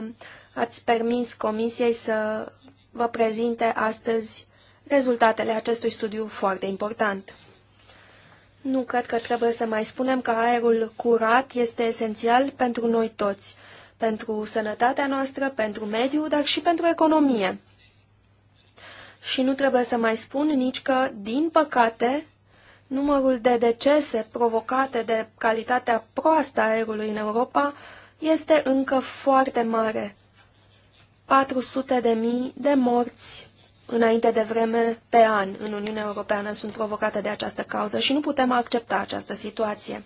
ați permis comisiei să vă prezinte astăzi rezultatele acestui studiu foarte important. Nu cred că trebuie să mai spunem că aerul curat este esențial pentru noi toți, pentru sănătatea noastră, pentru mediu, dar și pentru economie. Și nu trebuie să mai spun nici că, din păcate, numărul de decese provocate de calitatea proastă a aerului în Europa este încă foarte mare. 400 de mii de morți înainte de vreme pe an în Uniunea Europeană sunt provocate de această cauză și nu putem accepta această situație.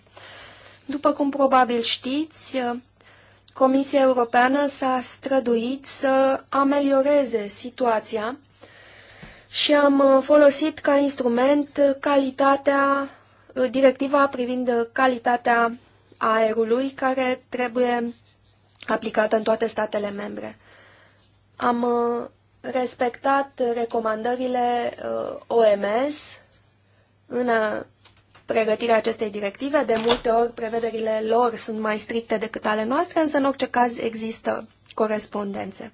După cum probabil știți, Comisia Europeană s-a străduit să amelioreze situația și am folosit ca instrument calitatea, directiva privind calitatea aerului care trebuie aplicată în toate statele membre. Am respectat recomandările uh, OMS în uh, pregătirea acestei directive. De multe ori prevederile lor sunt mai stricte decât ale noastre, însă în orice caz există corespondențe.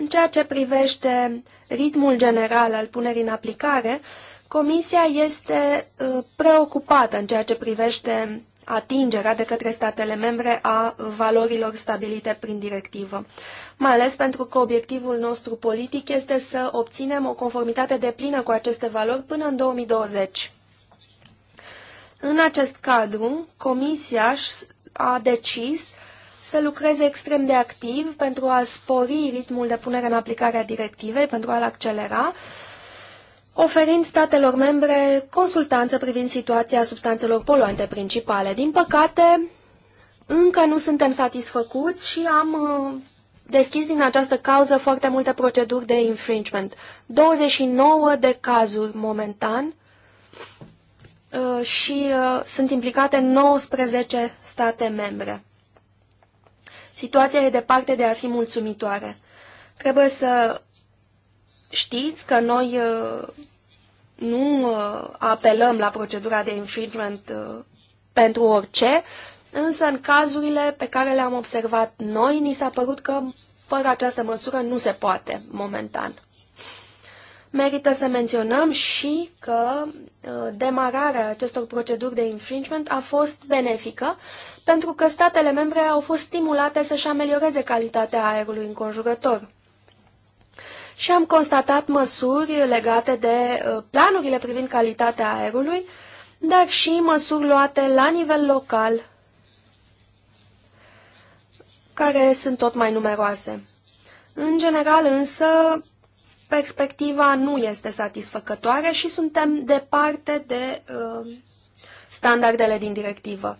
În ceea ce privește ritmul general al punerii în aplicare, Comisia este uh, preocupată în ceea ce privește atingerea de către statele membre a valorilor stabilite prin directivă. Mai ales pentru că obiectivul nostru politic este să obținem o conformitate de plină cu aceste valori până în 2020. În acest cadru, Comisia a decis să lucreze extrem de activ pentru a spori ritmul de punere în aplicare a directivei, pentru a-l accelera oferind statelor membre consultanță privind situația substanțelor poluante principale. Din păcate, încă nu suntem satisfăcuți și am uh, deschis din această cauză foarte multe proceduri de infringement. 29 de cazuri momentan uh, și uh, sunt implicate 19 state membre. Situația e departe de a fi mulțumitoare. Trebuie să Știți că noi uh, nu uh, apelăm la procedura de infringement uh, pentru orice, însă în cazurile pe care le-am observat noi, ni s-a părut că fără această măsură nu se poate momentan. Merită să menționăm și că demararea acestor proceduri de infringement a fost benefică pentru că statele membre au fost stimulate să-și amelioreze calitatea aerului înconjurător și am constatat măsuri legate de uh, planurile privind calitatea aerului, dar și măsuri luate la nivel local, care sunt tot mai numeroase. În general, însă, perspectiva nu este satisfăcătoare și suntem departe de uh, standardele din directivă.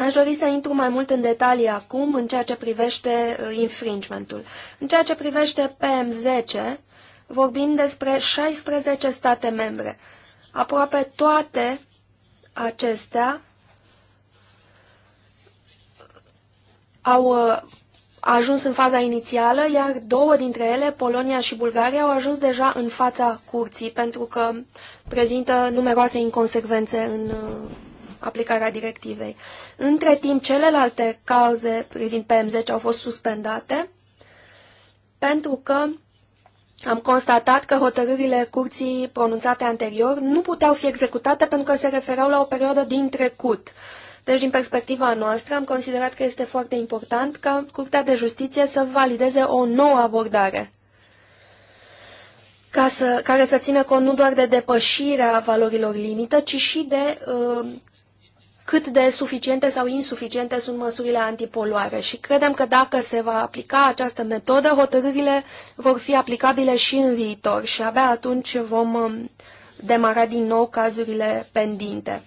Aș dori să intru mai mult în detalii acum în ceea ce privește uh, infringementul. În ceea ce privește PM10, vorbim despre 16 state membre. Aproape toate acestea au uh, ajuns în faza inițială, iar două dintre ele, Polonia și Bulgaria, au ajuns deja în fața curții pentru că prezintă numeroase inconsecvențe în uh, aplicarea directivei. Între timp, celelalte cauze privind PM10 au fost suspendate pentru că am constatat că hotărârile curții pronunțate anterior nu puteau fi executate pentru că se referau la o perioadă din trecut. Deci, din perspectiva noastră, am considerat că este foarte important ca Curtea de Justiție să valideze o nouă abordare ca să, care să țină cont nu doar de depășirea valorilor limită, ci și de uh, cât de suficiente sau insuficiente sunt măsurile antipoluare și credem că dacă se va aplica această metodă, hotărârile vor fi aplicabile și în viitor și abia atunci vom um, demara din nou cazurile pendinte.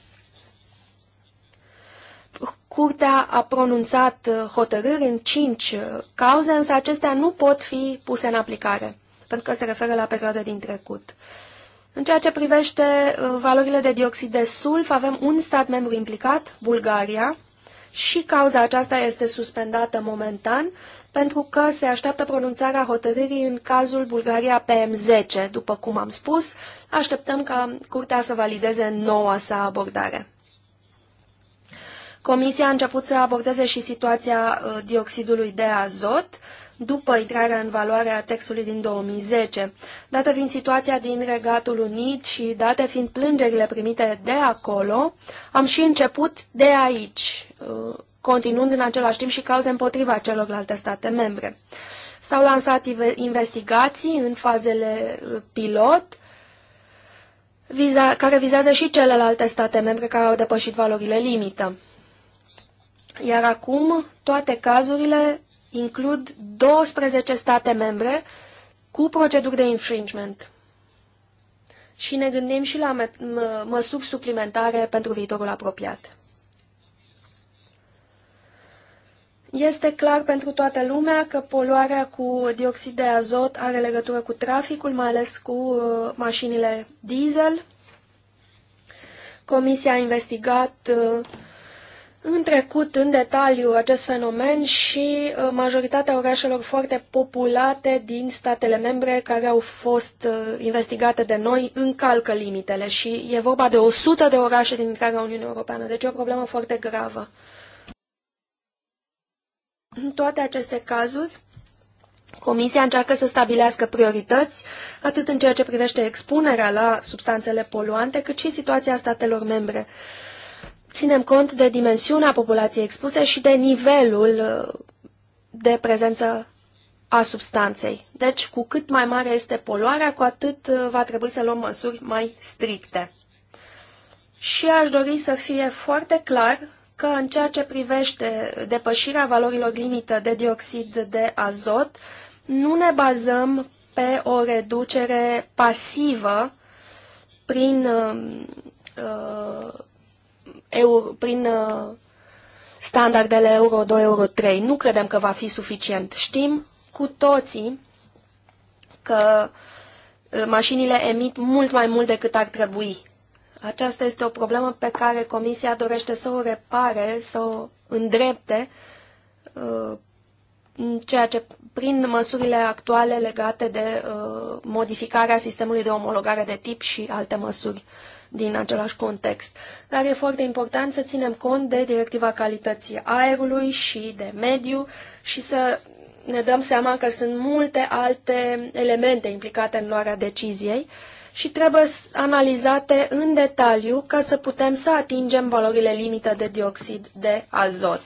Curtea a pronunțat uh, hotărâri în cinci uh, cauze, însă acestea nu pot fi puse în aplicare, pentru că se referă la perioada din trecut. Uh, în ceea ce privește uh, valorile de dioxid de sulf, avem un stat membru implicat, Bulgaria, și cauza aceasta este suspendată momentan pentru că se așteaptă pronunțarea hotărârii în cazul Bulgaria PM10. După cum am spus, așteptăm ca Curtea să valideze noua sa abordare. Comisia a început să abordeze și situația uh, dioxidului de azot după intrarea în valoare a textului din 2010. Dată fiind situația din Regatul Unit și date fiind plângerile primite de acolo, am și început de aici, uh, continuând în același timp și cauze împotriva celorlalte state membre. S-au lansat investigații în fazele uh, pilot, care vizează și celelalte state membre care au depășit valorile limită. Iar acum toate cazurile includ 12 state membre cu proceduri de infringement. Și ne gândim și la măsuri suplimentare pentru viitorul apropiat. Este clar pentru toată lumea că poluarea cu dioxid de azot are legătură cu traficul, mai ales cu uh, mașinile diesel. Comisia a investigat uh, în trecut în detaliu acest fenomen și uh, majoritatea orașelor foarte populate din statele membre care au fost uh, investigate de noi încalcă limitele și e vorba de 100 de orașe din întreaga Uniunea Europeană, deci e o problemă foarte gravă. În toate aceste cazuri, Comisia încearcă să stabilească priorități, atât în ceea ce privește expunerea la substanțele poluante, cât și situația statelor membre ținem cont de dimensiunea populației expuse și de nivelul uh, de prezență a substanței. Deci, cu cât mai mare este poluarea, cu atât uh, va trebui să luăm măsuri mai stricte. Și aș dori să fie foarte clar că în ceea ce privește depășirea valorilor limită de dioxid de azot, nu ne bazăm pe o reducere pasivă prin uh, uh euro, prin uh, standardele Euro 2, Euro 3. Nu credem că va fi suficient. Știm cu toții că uh, mașinile emit mult mai mult decât ar trebui. Aceasta este o problemă pe care Comisia dorește să o repare, să o îndrepte, uh, ceea ce prin măsurile actuale legate de modificarea sistemului de omologare de tip și alte măsuri din același context. Dar e foarte important să ținem cont de directiva calității aerului și de mediu și să ne dăm seama că sunt multe alte elemente implicate în luarea deciziei și trebuie analizate în detaliu ca să putem să atingem valorile limită de dioxid de azot.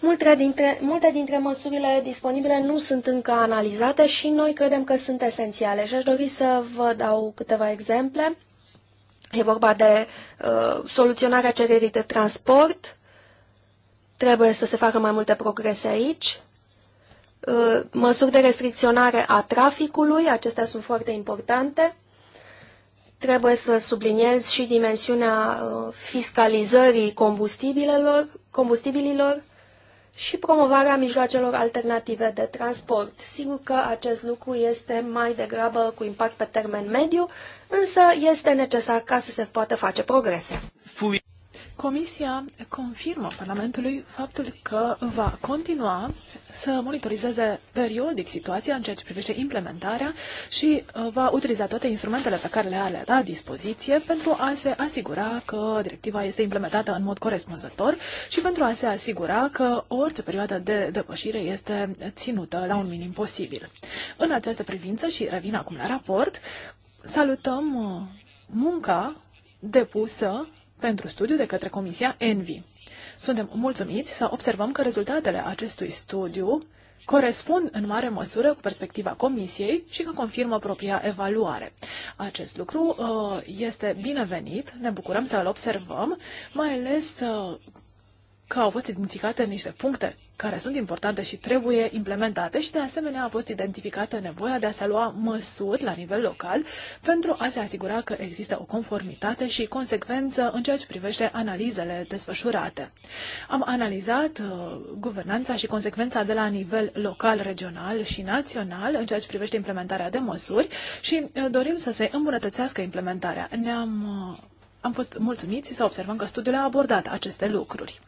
Multe dintre, multe dintre măsurile disponibile nu sunt încă analizate și noi credem că sunt esențiale și aș dori să vă dau câteva exemple. E vorba de uh, soluționarea cererii de transport. Trebuie să se facă mai multe progrese aici. Uh, măsuri de restricționare a traficului, acestea sunt foarte importante. Trebuie să subliniez și dimensiunea uh, fiscalizării combustibililor, combustibililor și promovarea mijloacelor alternative de transport. Sigur că acest lucru este mai degrabă cu impact pe termen mediu, însă este necesar ca să se poată face progrese. Fui. Comisia confirmă Parlamentului faptul că va continua să monitorizeze periodic situația în ceea ce privește implementarea și uh, va utiliza toate instrumentele pe care le are la dispoziție pentru a se asigura că directiva este implementată în mod corespunzător și pentru a se asigura că orice perioadă de depășire este ținută la un minim posibil. În această privință, și revin acum la raport, salutăm uh, munca depusă pentru studiu de către Comisia ENVI. Suntem mulțumiți să observăm că rezultatele acestui studiu corespund în mare măsură cu perspectiva Comisiei și că confirmă propria evaluare. Acest lucru uh, este binevenit, ne bucurăm să-l observăm, mai ales uh, că au fost identificate niște puncte care sunt importante și trebuie implementate și de asemenea a fost identificată nevoia de a se lua măsuri la nivel local pentru a se asigura că există o conformitate și consecvență în ceea ce privește analizele desfășurate. Am analizat uh, guvernanța și consecvența de la nivel local, regional și național în ceea ce privește implementarea de măsuri și uh, dorim să se îmbunătățească implementarea. Ne-am uh, am fost mulțumiți să observăm că studiul a abordat aceste lucruri.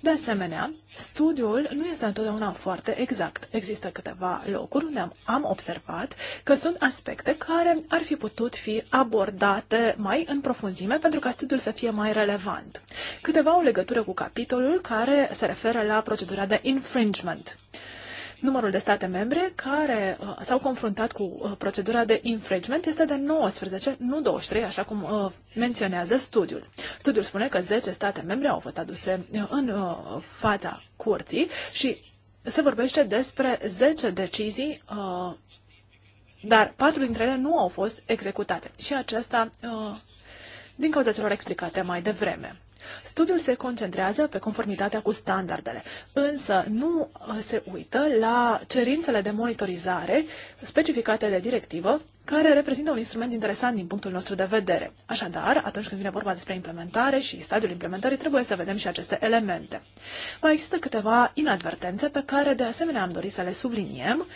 De asemenea, studiul nu este întotdeauna foarte exact. Există câteva locuri unde am, am observat că sunt aspecte care ar fi putut fi abordate mai în profunzime pentru ca studiul să fie mai relevant. Câteva au legătură cu capitolul care se referă la procedura de infringement. Numărul de state membre care uh, s-au confruntat cu uh, procedura de infringement este de 19, nu 23, așa cum uh, menționează studiul. Studiul spune că 10 state membre au fost aduse uh, în uh, fața curții și se vorbește despre 10 decizii uh, dar patru dintre ele nu au fost executate. Și acesta uh, din cauza celor explicate mai devreme. Studiul se concentrează pe conformitatea cu standardele, însă nu uh, se uită la cerințele de monitorizare specificate de directivă, care reprezintă un instrument interesant din punctul nostru de vedere. Așadar, atunci când vine vorba despre implementare și stadiul implementării, trebuie să vedem și aceste elemente. Mai există câteva inadvertențe pe care de asemenea am dorit să le subliniem,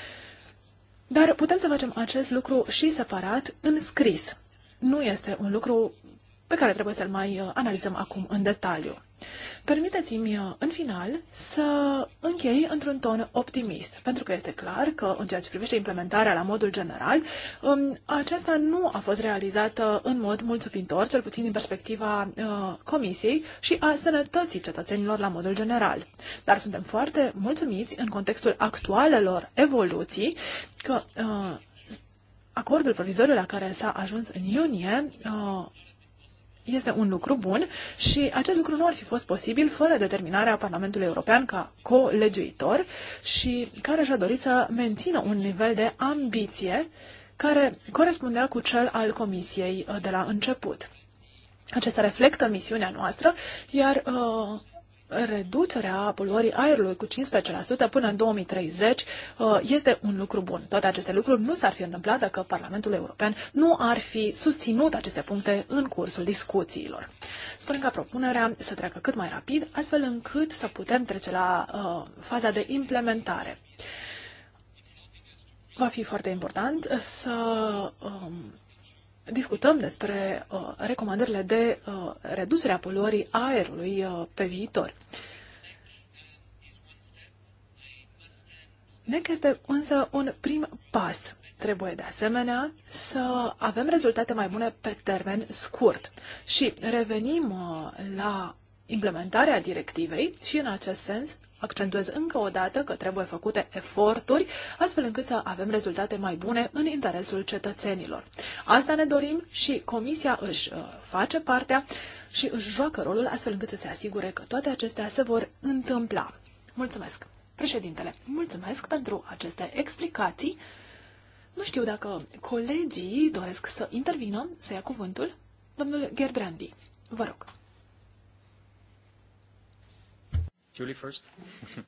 dar putem să facem acest lucru și separat în scris. Nu este un lucru pe care trebuie să-l mai uh, analizăm acum în detaliu. Permiteți-mi, uh, în final, să închei într-un ton optimist, pentru că este clar că, în ceea ce privește implementarea la modul general, um, aceasta nu a fost realizată în mod mulțumitor, cel puțin din perspectiva uh, Comisiei și a sănătății cetățenilor la modul general. Dar suntem foarte mulțumiți în contextul actualelor evoluții că acordul provizoriu la care s-a ajuns în iunie este un lucru bun și acest lucru nu ar fi fost posibil fără determinarea Parlamentului European ca colegiuitor și care și-a dorit să mențină un nivel de ambiție care corespundea cu cel al Comisiei uh, de la început. Acesta reflectă misiunea noastră, iar uh, reducerea poluării aerului cu 15% până în 2030 uh, este un lucru bun. Toate aceste lucruri nu s-ar fi întâmplat dacă Parlamentul European nu ar fi susținut aceste puncte în cursul discuțiilor. Sperăm ca propunerea să treacă cât mai rapid, astfel încât să putem trece la uh, faza de implementare. Va fi foarte important să Uh, discutăm despre uh, recomandările de uh, reducere a poluării aerului uh, pe viitor. NEC este însă un prim pas. Trebuie de asemenea să avem rezultate mai bune pe termen scurt și revenim uh, la implementarea directivei și în acest sens accentuez încă o dată că trebuie făcute eforturi astfel încât să avem rezultate mai bune în interesul cetățenilor. Asta ne dorim și Comisia își uh, face partea și își joacă rolul astfel încât să se asigure că toate acestea se vor întâmpla. Mulțumesc! Președintele, mulțumesc pentru aceste explicații. Nu știu dacă colegii doresc să intervină, să ia cuvântul. Domnul Gerbrandi, vă rog. Julie first.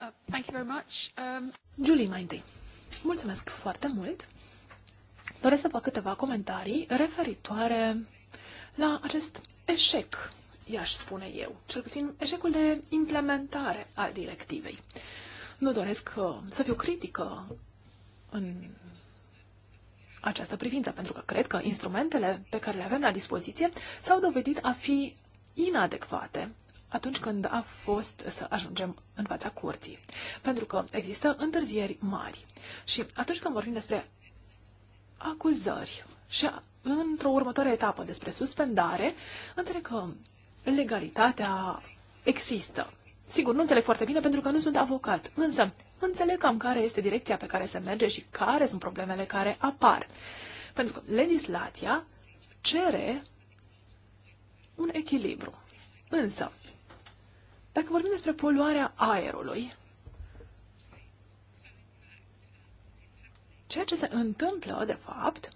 uh, thank you very much. Um... Julie mai întâi. Mulțumesc foarte mult. Doresc să fac câteva comentarii referitoare la acest eșec, i-aș spune eu, cel puțin eșecul de implementare al directivei. Nu doresc uh, să fiu critică în această privință, pentru că cred că instrumentele pe care le avem la dispoziție s-au dovedit a fi inadecvate atunci când a fost să ajungem în fața curții. Pentru că există întârzieri mari. Și atunci când vorbim despre acuzări și într-o următoare etapă despre suspendare, înțeleg că legalitatea există. Sigur, nu înțeleg foarte bine pentru că nu sunt avocat, însă înțeleg cam care este direcția pe care se merge și care sunt problemele care apar. Pentru că legislația cere un echilibru. Însă, dacă vorbim despre poluarea aerului, ceea ce se întâmplă, de fapt,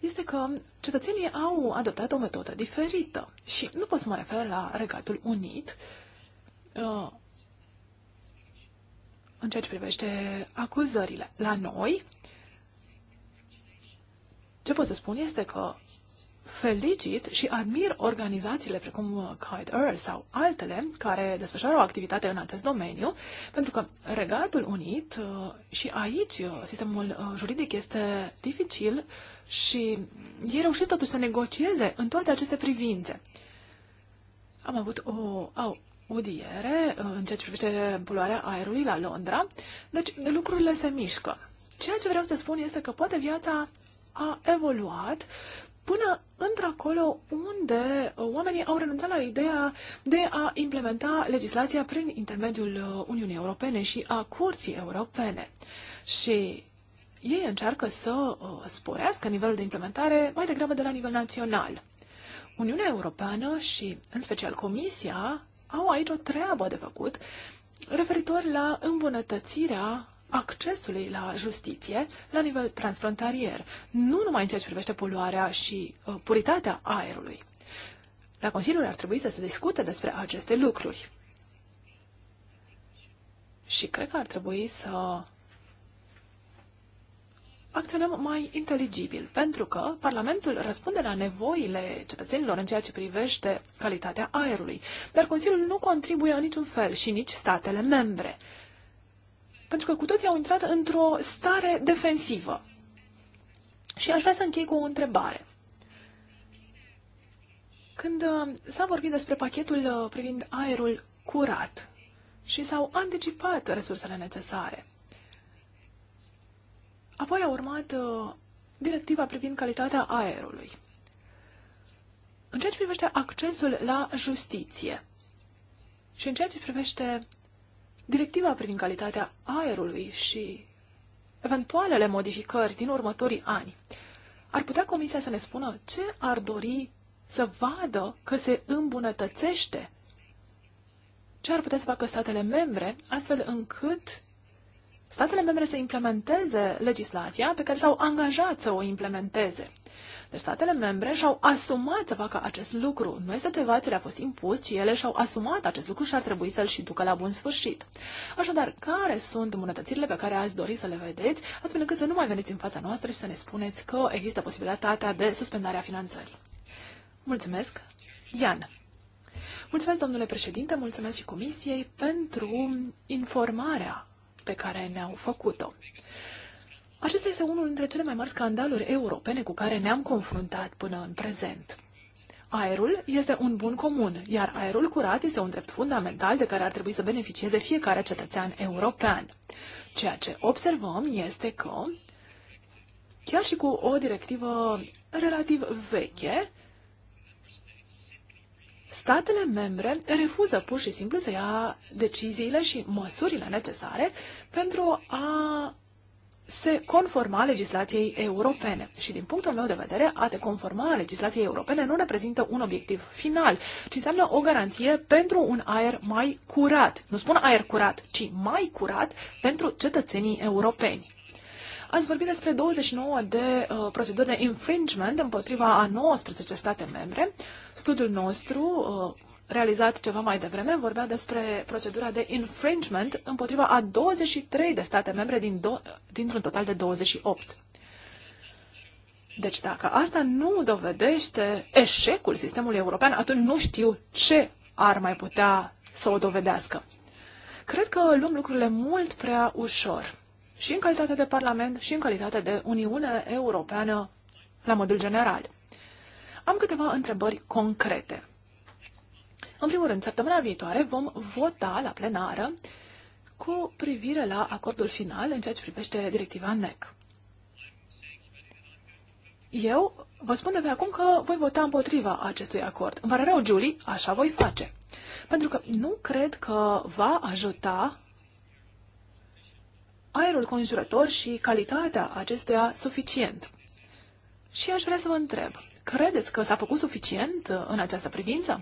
este că cetățenii au adoptat o metodă diferită. Și nu pot să mă refer la Regatul Unit uh, în ceea ce privește acuzările. La noi, ce pot să spun este că felicit și admir organizațiile precum Kite Earth sau altele care desfășoară o activitate în acest domeniu, pentru că Regatul Unit uh, și aici uh, sistemul uh, juridic este dificil și ei reușesc totuși să negocieze în toate aceste privințe. Am avut o audiere în ceea ce privește poluarea aerului la Londra, deci lucrurile se mișcă. Ceea ce vreau să spun este că poate viața a evoluat, până într-acolo unde uh, oamenii au renunțat la ideea de a implementa legislația prin intermediul uh, Uniunii Europene și a Curții Europene. Și ei încearcă să uh, sporească nivelul de implementare mai degrabă de la nivel național. Uniunea Europeană și, în special, Comisia au aici o treabă de făcut referitor la îmbunătățirea accesului la justiție la nivel transfrontalier, nu numai în ceea ce privește poluarea și uh, puritatea aerului. La Consiliul ar trebui să se discute despre aceste lucruri. Și cred că ar trebui să acționăm mai inteligibil, pentru că Parlamentul răspunde la nevoile cetățenilor în ceea ce privește calitatea aerului, dar Consiliul nu contribuie în niciun fel și nici statele membre pentru că cu toții au intrat într-o stare defensivă. Și aș vrea să închei cu o întrebare. Când uh, s-a vorbit despre pachetul uh, privind aerul curat și s-au anticipat resursele necesare, apoi a urmat uh, directiva privind calitatea aerului. În ceea ce privește accesul la justiție și în ceea ce privește Directiva privind calitatea aerului și eventualele modificări din următorii ani, ar putea Comisia să ne spună ce ar dori să vadă că se îmbunătățește? Ce ar putea să facă statele membre astfel încât statele membre să implementeze legislația pe care s-au angajat să o implementeze? Deci statele membre și-au asumat să facă acest lucru. Nu este ceva ce le-a fost impus, ci ele și-au asumat acest lucru și ar trebui să-l și ducă la bun sfârșit. Așadar, care sunt îmbunătățirile pe care ați dori să le vedeți, astfel încât să nu mai veniți în fața noastră și să ne spuneți că există posibilitatea de suspendare a finanțării? Mulțumesc! Ian. Mulțumesc, domnule președinte, mulțumesc și comisiei pentru informarea pe care ne-au făcut-o. Acesta este unul dintre cele mai mari scandaluri europene cu care ne-am confruntat până în prezent. Aerul este un bun comun, iar aerul curat este un drept fundamental de care ar trebui să beneficieze fiecare cetățean european. Ceea ce observăm este că, chiar și cu o directivă relativ veche, statele membre refuză pur și simplu să ia deciziile și măsurile necesare pentru a se conforma legislației europene. Și din punctul meu de vedere, a te conforma legislației europene nu reprezintă un obiectiv final, ci înseamnă o garanție pentru un aer mai curat. Nu spun aer curat, ci mai curat pentru cetățenii europeni. Ați vorbit despre 29 de uh, proceduri de infringement împotriva a 19 state membre. Studiul nostru uh, realizat ceva mai devreme, vorbea despre procedura de infringement împotriva a 23 de state membre din dintr-un total de 28. Deci dacă asta nu dovedește eșecul sistemului european, atunci nu știu ce ar mai putea să o dovedească. Cred că luăm lucrurile mult prea ușor, și în calitate de Parlament, și în calitate de Uniune Europeană, la modul general. Am câteva întrebări concrete. În primul rând, săptămâna viitoare vom vota la plenară cu privire la acordul final în ceea ce privește directiva NEC. Eu vă spun de pe acum că voi vota împotriva acestui acord. Îmi pare rău, Julie, așa voi face. Pentru că nu cred că va ajuta aerul conjurător și calitatea acestuia suficient. Și aș vrea să vă întreb, credeți că s-a făcut suficient uh, în această privință?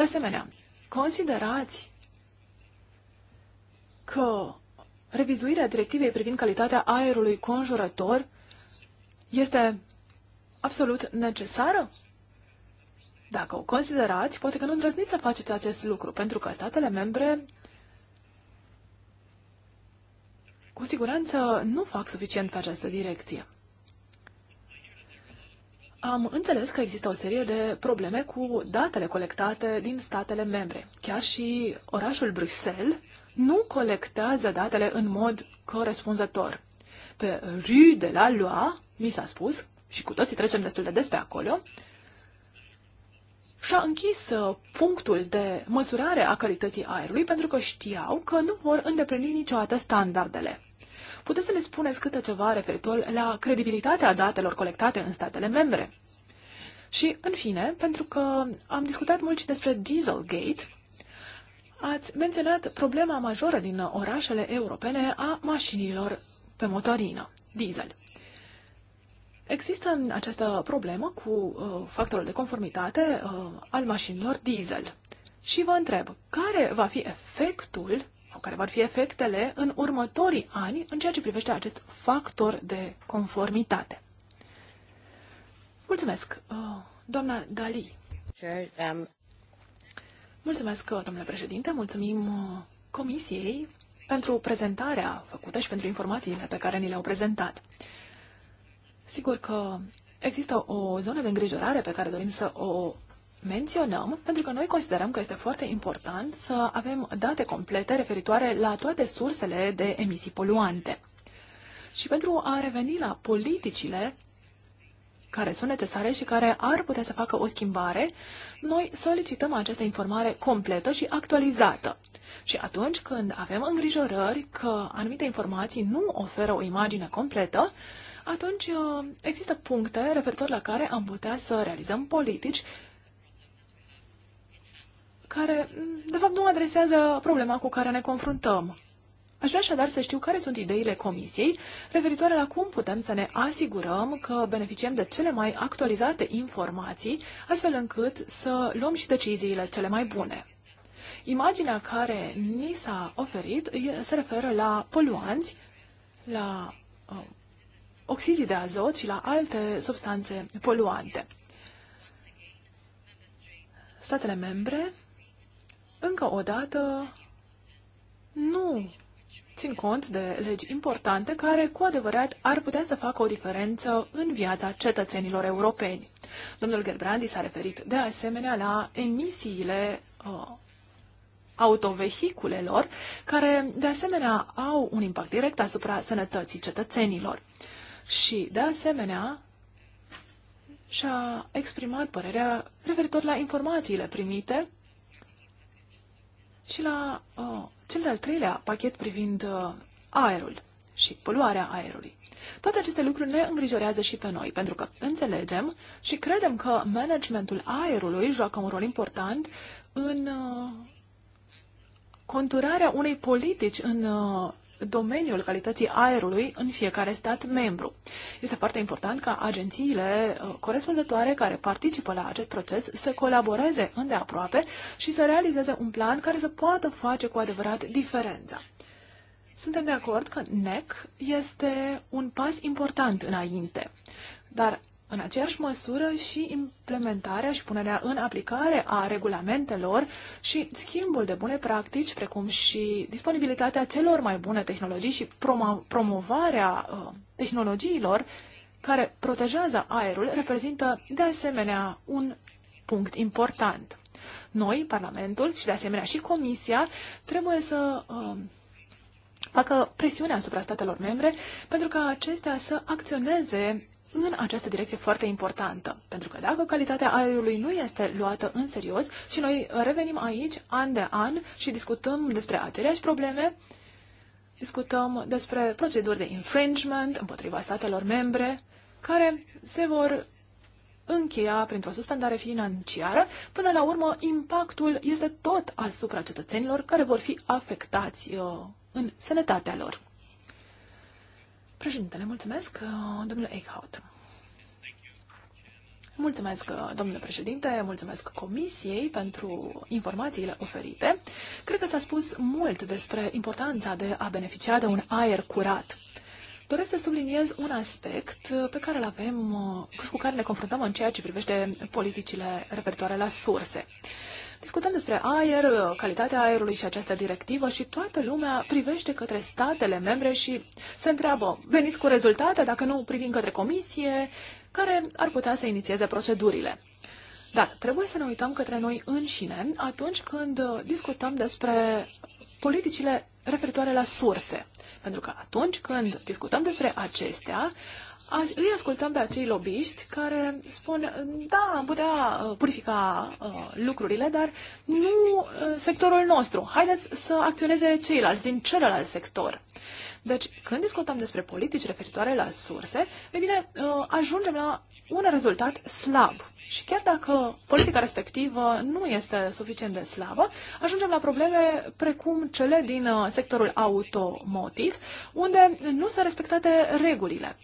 De asemenea, considerați că revizuirea directivei privind calitatea aerului conjurător este absolut necesară? Dacă o considerați, poate că nu îndrăzniți să faceți acest lucru, pentru că statele membre cu siguranță nu fac suficient pe această direcție. Am înțeles că există o serie de probleme cu datele colectate din statele membre. Chiar și orașul Bruxelles nu colectează datele în mod corespunzător. Pe Rue de la Loa mi s-a spus, și cu toții trecem destul de des pe acolo, și-a închis uh, punctul de măsurare a calității aerului pentru că știau că nu vor îndeplini niciodată standardele. Puteți să ne spuneți câte ceva referitor la credibilitatea datelor colectate în statele membre? Și, în fine, pentru că am discutat mult și despre Dieselgate, ați menționat problema majoră din orașele europene a mașinilor pe motorină, diesel. Există această problemă cu uh, factorul de conformitate uh, al mașinilor diesel. Și vă întreb, care va fi efectul care vor fi efectele în următorii ani în ceea ce privește acest factor de conformitate. Mulțumesc, uh, doamna Dali. Um, Mulțumesc, uh, domnule președinte, mulțumim uh, comisiei pentru prezentarea făcută și pentru informațiile pe care ni le-au prezentat. Sigur că există o zonă de îngrijorare pe care dorim să o menționăm, pentru că noi considerăm că este foarte important să avem date complete referitoare la toate sursele de emisii poluante. Și pentru a reveni la politicile care sunt necesare și care ar putea să facă o schimbare, noi solicităm această informare completă și actualizată. Și atunci când avem îngrijorări că anumite informații nu oferă o imagine completă, atunci uh, există puncte referitor la care am putea să realizăm politici care, de fapt, nu adresează problema cu care ne confruntăm. Aș vrea așadar să știu care sunt ideile Comisiei referitoare la cum putem să ne asigurăm că beneficiem de cele mai actualizate informații, astfel încât să luăm și deciziile cele mai bune. Imaginea care ni s-a oferit se referă la poluanți, la uh, oxizii de azot și la alte substanțe poluante. Statele membre încă o dată, nu țin cont de legi importante care cu adevărat ar putea să facă o diferență în viața cetățenilor europeni. Domnul Gerbrandi s-a referit de asemenea la emisiile uh, autovehiculelor, care de asemenea au un impact direct asupra sănătății cetățenilor. Și de asemenea și-a exprimat părerea referitor la informațiile primite și la uh, cel de-al treilea pachet privind uh, aerul și poluarea aerului. Toate aceste lucruri ne îngrijorează și pe noi, pentru că înțelegem și credem că managementul aerului joacă un rol important în uh, conturarea unei politici în uh, domeniul calității aerului în fiecare stat membru. Este foarte important ca agențiile uh, corespunzătoare care participă la acest proces să colaboreze îndeaproape și să realizeze un plan care să poată face cu adevărat diferența. Suntem de acord că NEC este un pas important înainte, dar în aceeași măsură și implementarea și punerea în aplicare a regulamentelor și schimbul de bune practici, precum și disponibilitatea celor mai bune tehnologii și prom promovarea uh, tehnologiilor care protejează aerul reprezintă de asemenea un punct important. Noi, Parlamentul și de asemenea și Comisia, trebuie să uh, facă presiune asupra statelor membre pentru ca acestea să acționeze în această direcție foarte importantă. Pentru că dacă calitatea aerului nu este luată în serios și noi revenim aici an de an și discutăm despre aceleași probleme, discutăm despre proceduri de infringement împotriva statelor membre, care se vor încheia printr-o suspendare financiară. Până la urmă, impactul este tot asupra cetățenilor care vor fi afectați uh, în sănătatea lor. Președintele, mulțumesc, uh, domnule Eichhout. Mulțumesc, uh, domnule președinte, mulțumesc Comisiei pentru informațiile oferite. Cred că s-a spus mult despre importanța de a beneficia de un aer curat. Doresc să subliniez un aspect uh, pe care îl avem, cu care ne confruntăm în ceea ce privește politicile referitoare la surse. Discutăm despre aer, calitatea aerului și această directivă și toată lumea privește către statele membre și se întreabă, veniți cu rezultate, dacă nu privim către comisie, care ar putea să inițieze procedurile. Dar trebuie să ne uităm către noi înșine atunci când discutăm despre politicile referitoare la surse. Pentru că atunci când discutăm despre acestea, îi ascultăm pe acei lobiști care spun, da, am putea uh, purifica uh, lucrurile, dar nu uh, sectorul nostru. Haideți să acționeze ceilalți din celălalt sector. Deci, când discutăm despre politici referitoare la surse, e bine, ajungem la un rezultat slab. Și chiar dacă politica respectivă nu este suficient de slabă, ajungem la probleme precum cele din sectorul automotiv, unde nu sunt respectate regulile.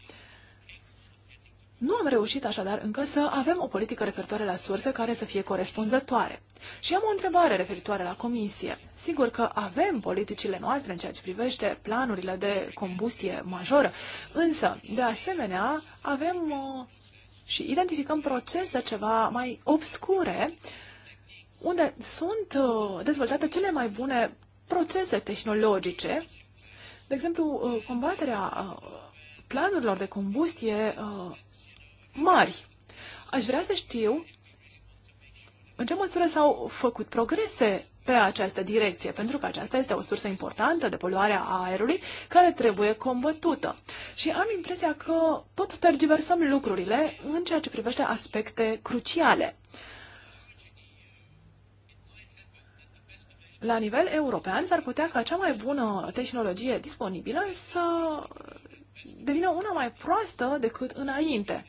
Nu am reușit așadar încă să avem o politică referitoare la surse care să fie corespunzătoare. Și am o întrebare referitoare la comisie. Sigur că avem politicile noastre în ceea ce privește planurile de combustie majoră, însă, de asemenea, avem o... Uh, și identificăm procese ceva mai obscure unde sunt uh, dezvoltate cele mai bune procese tehnologice, de exemplu, uh, combaterea planurilor de combustie mari. Aș vrea să știu în ce măsură s-au făcut progrese pe această direcție, pentru că aceasta este o sursă importantă de poluare a aerului care trebuie combătută. Și am impresia că tot tergiversăm lucrurile în ceea ce privește aspecte cruciale. La nivel european s-ar putea ca cea mai bună tehnologie disponibilă să devină una mai proastă decât înainte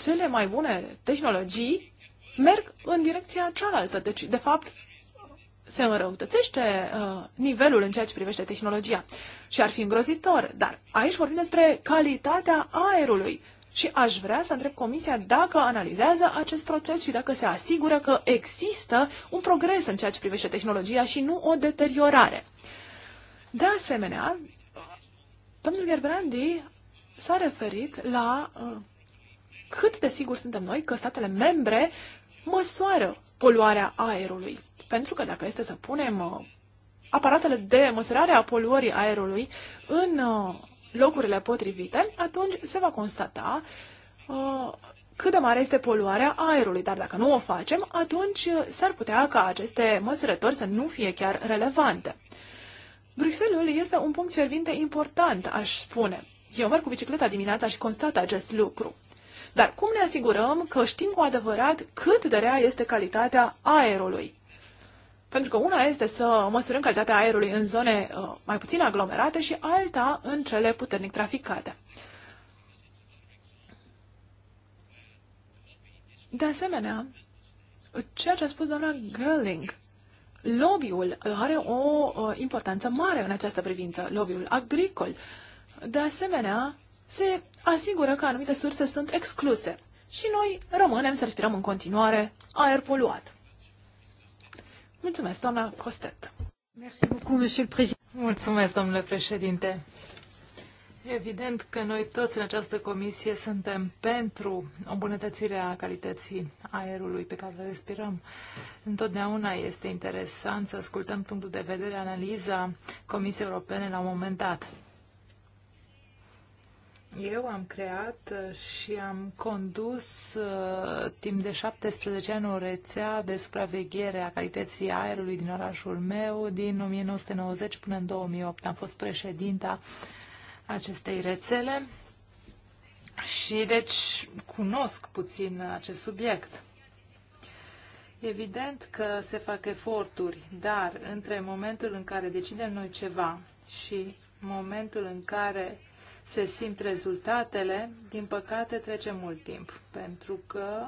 cele mai bune tehnologii merg în direcția cealaltă. Deci, de fapt, se înrăutățește uh, nivelul în ceea ce privește tehnologia. Și ar fi îngrozitor. Dar aici vorbim despre calitatea aerului. Și aș vrea să întreb Comisia dacă analizează acest proces și dacă se asigură că există un progres în ceea ce privește tehnologia și nu o deteriorare. De asemenea, domnul Gerbrandi s-a referit la uh, cât de siguri suntem noi că statele membre măsoară poluarea aerului. Pentru că dacă este să punem uh, aparatele de măsurare a poluării aerului în uh, locurile potrivite, atunci se va constata uh, cât de mare este poluarea aerului, dar dacă nu o facem, atunci s-ar putea ca aceste măsurători să nu fie chiar relevante. Bruxelles este un punct fierbinte important, aș spune. Eu merg cu bicicleta dimineața și constat acest lucru. Dar cum ne asigurăm că știm cu adevărat cât de rea este calitatea aerului? Pentru că una este să măsurăm calitatea aerului în zone uh, mai puțin aglomerate și alta în cele puternic traficate. De asemenea, ceea ce a spus doamna Gerling, lobby-ul are o uh, importanță mare în această privință, lobby-ul agricol. De asemenea, se asigură că anumite surse sunt excluse și noi rămânem să respirăm în continuare aer poluat. Mulțumesc, doamna Costet. Mulțumesc, domnule președinte. Evident că noi toți în această comisie suntem pentru îmbunătățirea calității aerului pe care îl respirăm. Întotdeauna este interesant să ascultăm punctul de vedere, analiza Comisiei Europene la un moment dat. Eu am creat uh, și am condus uh, timp de 17 ani o rețea de supraveghere a calității aerului din orașul meu din 1990 până în 2008. Am fost președinta acestei rețele și deci cunosc puțin acest subiect. Evident că se fac eforturi, dar între momentul în care decidem noi ceva și momentul în care se simt rezultatele, din păcate trece mult timp, pentru că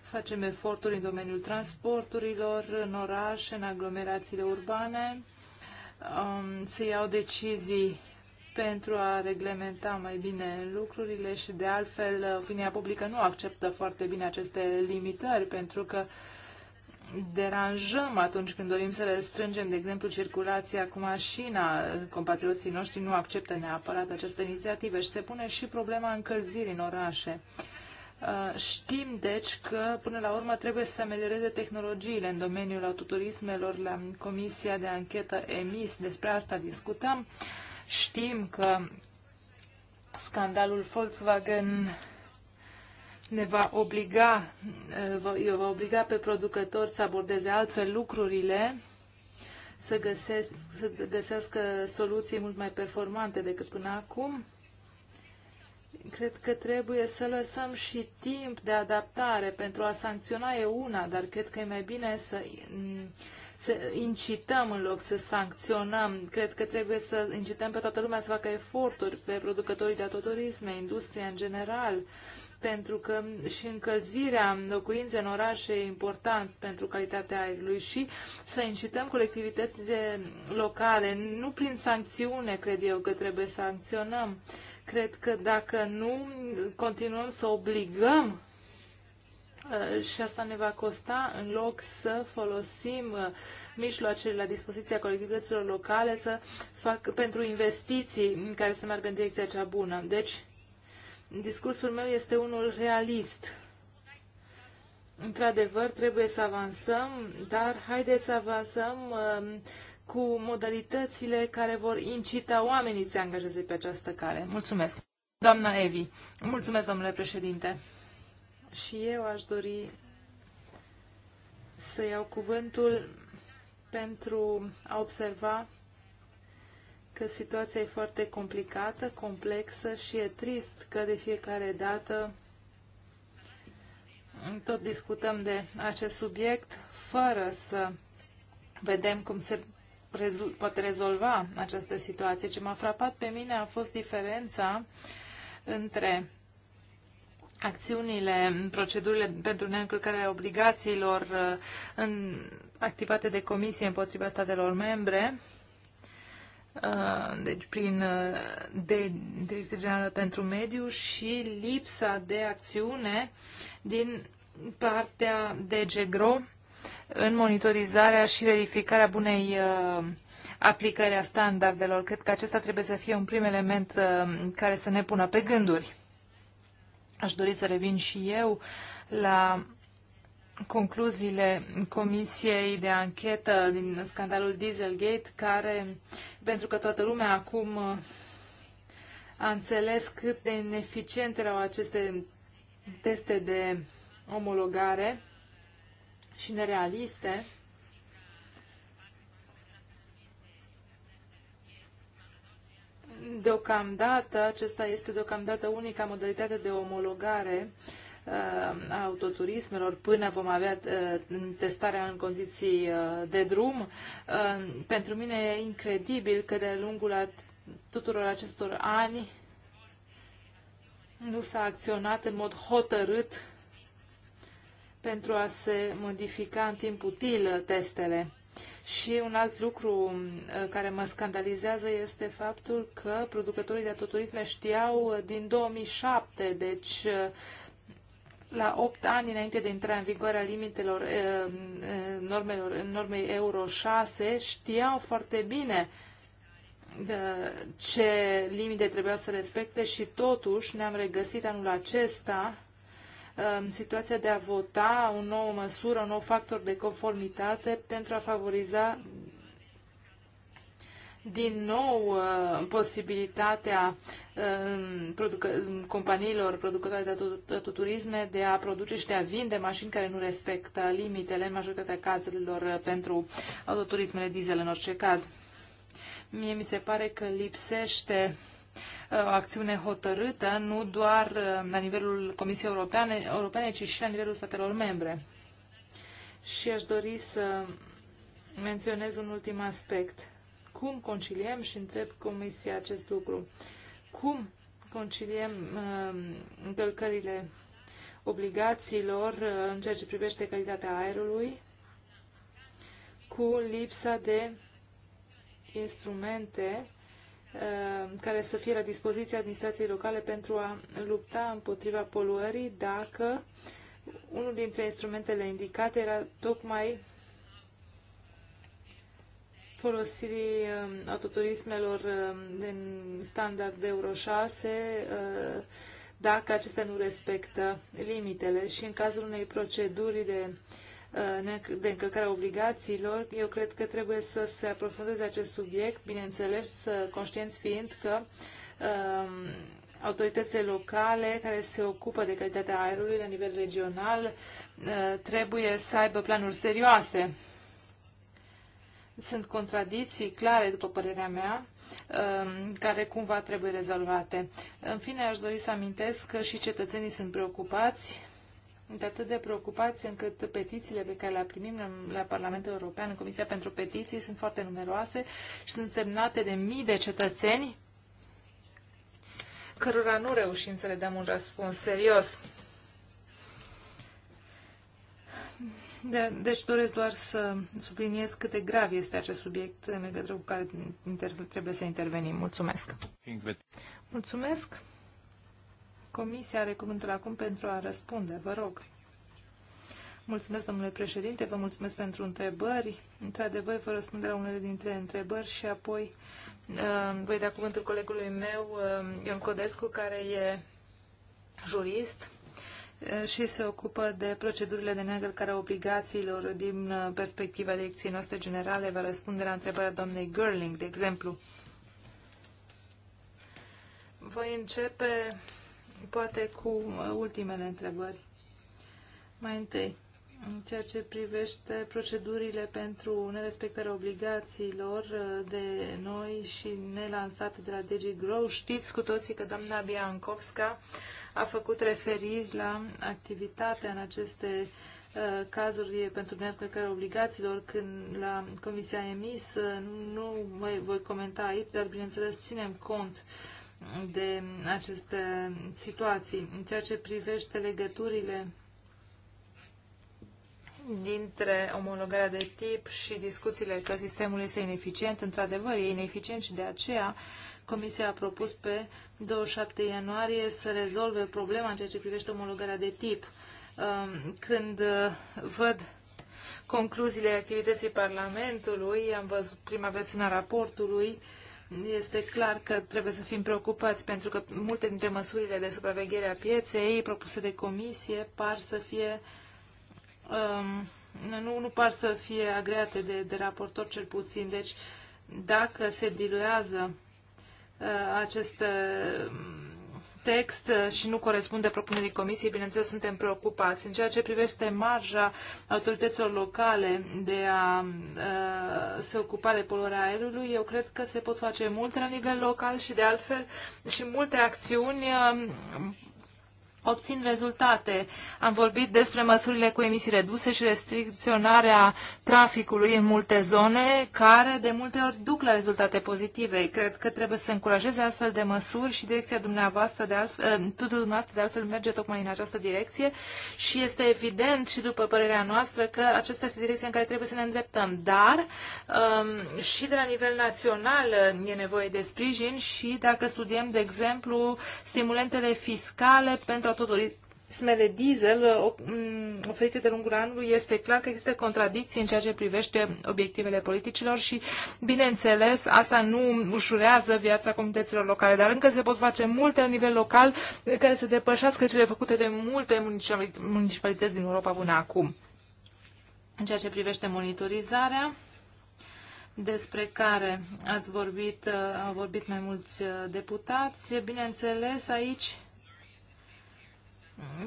facem eforturi în domeniul transporturilor, în orașe, în aglomerațiile urbane, um, se iau decizii pentru a reglementa mai bine lucrurile și de altfel opinia publică nu acceptă foarte bine aceste limitări pentru că uh, deranjăm atunci când dorim să restrângem, de exemplu, circulația cu mașina. Compatrioții noștri nu acceptă neapărat această inițiativă și se pune și problema încălzirii în orașe. Uh, știm, deci, că până la urmă trebuie să amelioreze tehnologiile în domeniul autoturismelor la Comisia de Anchetă EMIS. Despre asta discutăm. Știm că scandalul Volkswagen ne va obliga, va obliga pe producători să abordeze altfel lucrurile, să, găsesc, să găsească soluții mult mai performante decât până acum. Cred că trebuie să lăsăm și timp de adaptare pentru a sancționa e una, dar cred că e mai bine să, să incităm în loc să sancționăm. Cred că trebuie să incităm pe toată lumea să facă eforturi, pe producătorii de autoturisme, industria în general, pentru că și încălzirea locuinței în orașe e important pentru calitatea aerului și să incităm colectivitățile locale, nu prin sancțiune, cred eu că trebuie să sancționăm. Cred că dacă nu continuăm să obligăm uh, și asta ne va costa în loc să folosim uh, mijloacele la dispoziția colectivităților locale să fac, pentru investiții în care să meargă în direcția cea bună. Deci, Discursul meu este unul realist. Într-adevăr, trebuie să avansăm, dar haideți să avansăm um, cu modalitățile care vor incita oamenii să se angajeze pe această cale. Mulțumesc. Doamna Evi, mulțumesc, domnule președinte. Și eu aș dori să iau cuvântul pentru a observa că situația e foarte complicată, complexă și e trist că de fiecare dată tot discutăm de acest subiect fără să vedem cum se rezol poate rezolva această situație. Ce m-a frapat pe mine a fost diferența între acțiunile, procedurile pentru neîncălcarea obligațiilor uh, în, activate de comisie împotriva statelor membre Uh, deci prin uh, de, Direcția Generală pentru Mediu și lipsa de acțiune din partea DGGRO în monitorizarea și verificarea bunei uh, aplicări a standardelor. Cred că acesta trebuie să fie un prim element care să ne pună pe gânduri. Aș dori să revin și eu la concluziile Comisiei de Anchetă din scandalul Dieselgate, care, pentru că toată lumea acum a înțeles cât de ineficiente erau aceste teste de omologare și nerealiste, Deocamdată, acesta este deocamdată unica modalitate de omologare uh, Uh, autoturismelor până vom avea uh, testarea în condiții uh, de drum. Pentru mine e incredibil că de-a lungul a tuturor acestor ani nu s-a acționat în mod hotărât pentru a se modifica în timp util testele. Și un alt lucru care mă scandalizează este faptul că producătorii de autoturisme știau din 2007, deci la 8 ani înainte de intrarea în vigoare a limitelor eh, eh, normelor, normei Euro 6 știau foarte bine eh, ce limite trebuia să respecte și totuși ne-am regăsit anul acesta în situația de a vota o nouă măsură, un nou factor de conformitate pentru a favoriza din nou uh, posibilitatea uh, producă, companiilor producătoare de autoturisme de a produce și de a vinde mașini care nu respectă limitele în majoritatea cazurilor uh, pentru autoturismele diesel în orice caz. Mie mi se pare că lipsește uh, o acțiune hotărâtă, nu doar uh, la nivelul Comisiei Europeane, Europene, ci și la nivelul statelor membre. Și aș dori să menționez un ultim aspect cum conciliem și întreb Comisia acest lucru? Cum conciliem uh, încălcările obligațiilor uh, în ceea ce privește calitatea aerului cu lipsa de instrumente um, care să fie la dispoziția administrației locale pentru a lupta împotriva poluării dacă unul dintre instrumentele indicate era tocmai folosirii um, autoturismelor um, din standard de Euro 6 uh, dacă acestea nu respectă limitele și în cazul unei proceduri de uh, de încălcarea obligațiilor, eu cred că trebuie să se aprofundeze acest subiect, bineînțeles, conștienți fiind că um, autoritățile locale care se ocupă de calitatea aerului la nivel regional uh, trebuie să aibă planuri serioase sunt contradicții clare, după părerea mea, um, care cumva trebuie rezolvate. În fine, aș dori să amintesc că și cetățenii sunt preocupați de atât de preocupați încât petițiile pe care le primim la Parlamentul European, în Comisia pentru Petiții, sunt foarte numeroase și sunt semnate de mii de cetățeni cărora nu reușim să le dăm un răspuns serios. De, da, deci doresc doar să subliniez cât de grav este acest subiect în legătură cu care trebuie să intervenim. Mulțumesc! Mulțumesc! Comisia are cuvântul acum pentru a răspunde. Vă rog! Mulțumesc, domnule președinte, vă mulțumesc pentru întrebări. Într-adevăr, vă răspund la unele dintre întrebări și apoi uh, voi da cuvântul colegului meu, uh, Ion Codescu, care e jurist și se ocupă de procedurile de neîncălcare a obligațiilor din uh, perspectiva lecției noastre generale. Va răspunde la întrebarea doamnei Gerling, de exemplu. Voi începe poate cu uh, ultimele întrebări. Mai întâi, în ceea ce privește procedurile pentru nerespectarea obligațiilor uh, de noi și nelansate de la DG Grow, știți cu toții că doamna Biancovska a făcut referiri la activitatea în aceste uh, cazuri pentru neaplicarea obligațiilor când la Comisia emis. Uh, nu mai voi comenta aici, dar bineînțeles ținem cont de aceste situații. În ceea ce privește legăturile dintre omologarea de tip și discuțiile că sistemul este ineficient, într-adevăr, e ineficient și de aceea uh, Comisia a propus pe 27 ianuarie să rezolve problema în ceea ce privește omologarea de tip. Um, când uh, văd concluziile activității Parlamentului, am văzut prima versiune a raportului, este clar că trebuie să fim preocupați pentru că multe dintre măsurile de supraveghere a pieței propuse de comisie par să fie um, nu, nu par să fie agreate de, de raportor cel puțin. Deci, dacă se diluează Uh, acest uh, text și nu corespunde propunerii comisiei, bineînțeles suntem preocupați. În ceea ce privește marja autorităților locale de a uh, se ocupa de poluarea aerului, eu cred că se pot face multe la nivel local și de altfel și multe acțiuni um, obțin rezultate. Am vorbit despre măsurile cu emisii reduse și restricționarea traficului în multe zone, care de multe ori duc la rezultate pozitive. Cred că trebuie să încurajeze astfel de măsuri și direcția dumneavoastră de altfel, eh, dumneavoastră de altfel merge tocmai în această direcție și este evident și după părerea noastră că aceasta este direcția în care trebuie să ne îndreptăm. Dar um, și de la nivel național eh, e nevoie de sprijin și dacă studiem, de exemplu, stimulentele fiscale pentru a smele diesel uh, oferite de lungul anului, este clar că există contradicții în ceea ce privește obiectivele politicilor și, bineînțeles, asta nu ușurează viața comunităților locale, dar încă se pot face multe la nivel local care să depășească cele făcute de multe municipalități din Europa până acum. În ceea ce privește monitorizarea, despre care ați vorbit, uh, au vorbit mai mulți uh, deputați. Bineînțeles, aici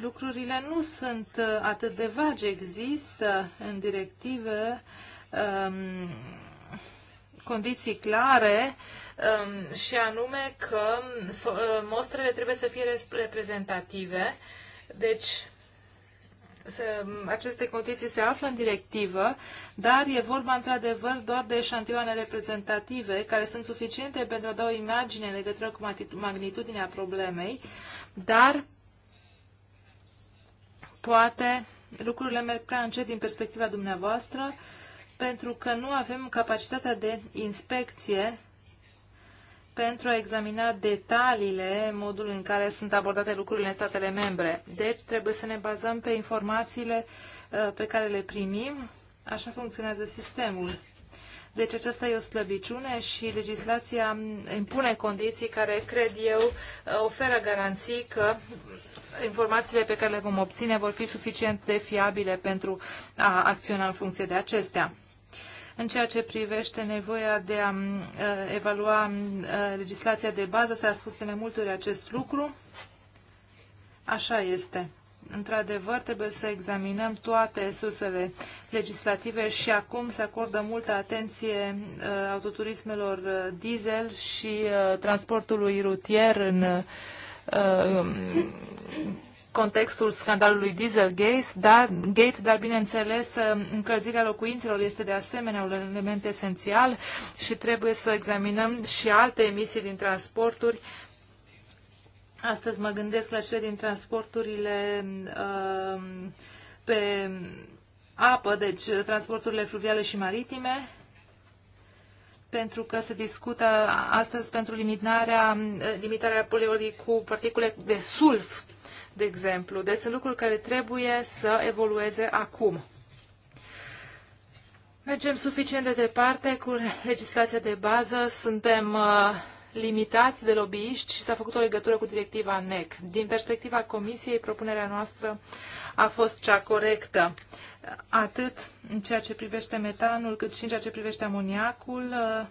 lucrurile nu sunt uh, atât de vagi. Există în directive um, condiții clare um, și anume că uh, mostrele trebuie să fie reprezentative. Deci, se, aceste condiții se află în directivă, dar e vorba într-adevăr doar de eșantioane reprezentative care sunt suficiente pentru a da o imagine în legătură cu magnitudinea problemei, dar poate lucrurile merg prea încet din perspectiva dumneavoastră, pentru că nu avem capacitatea de inspecție pentru a examina detaliile modului în care sunt abordate lucrurile în statele membre. Deci trebuie să ne bazăm pe informațiile uh, pe care le primim. Așa funcționează sistemul. Deci aceasta e o slăbiciune și legislația impune condiții care, cred eu, oferă garanții că informațiile pe care le vom obține vor fi suficient de fiabile pentru a acționa în funcție de acestea. În ceea ce privește nevoia de a evalua legislația de bază, s-a spus de mai multe ori acest lucru. Așa este. Într-adevăr, trebuie să examinăm toate sursele legislative și acum se acordă multă atenție uh, autoturismelor uh, diesel și uh, transportului rutier în um, contextul scandalului Dieselgate, dar, Gate, dar bineînțeles încălzirea locuințelor este de asemenea un element esențial și trebuie să examinăm și alte emisii din transporturi Astăzi mă gândesc la cele din transporturile uh, pe apă, deci uh, transporturile fluviale și maritime, pentru că se discută astăzi pentru limitarea, uh, limitarea poliorii cu particule de sulf, de exemplu. Deci sunt lucruri care trebuie să evolueze acum. Mergem suficient de departe cu legislația de bază, suntem uh, limitați de lobbyiști și s-a făcut o legătură cu directiva NEC. Din perspectiva Comisiei, propunerea noastră a fost cea corectă, atât în ceea ce privește metanul, cât și în ceea ce privește amoniacul, uh,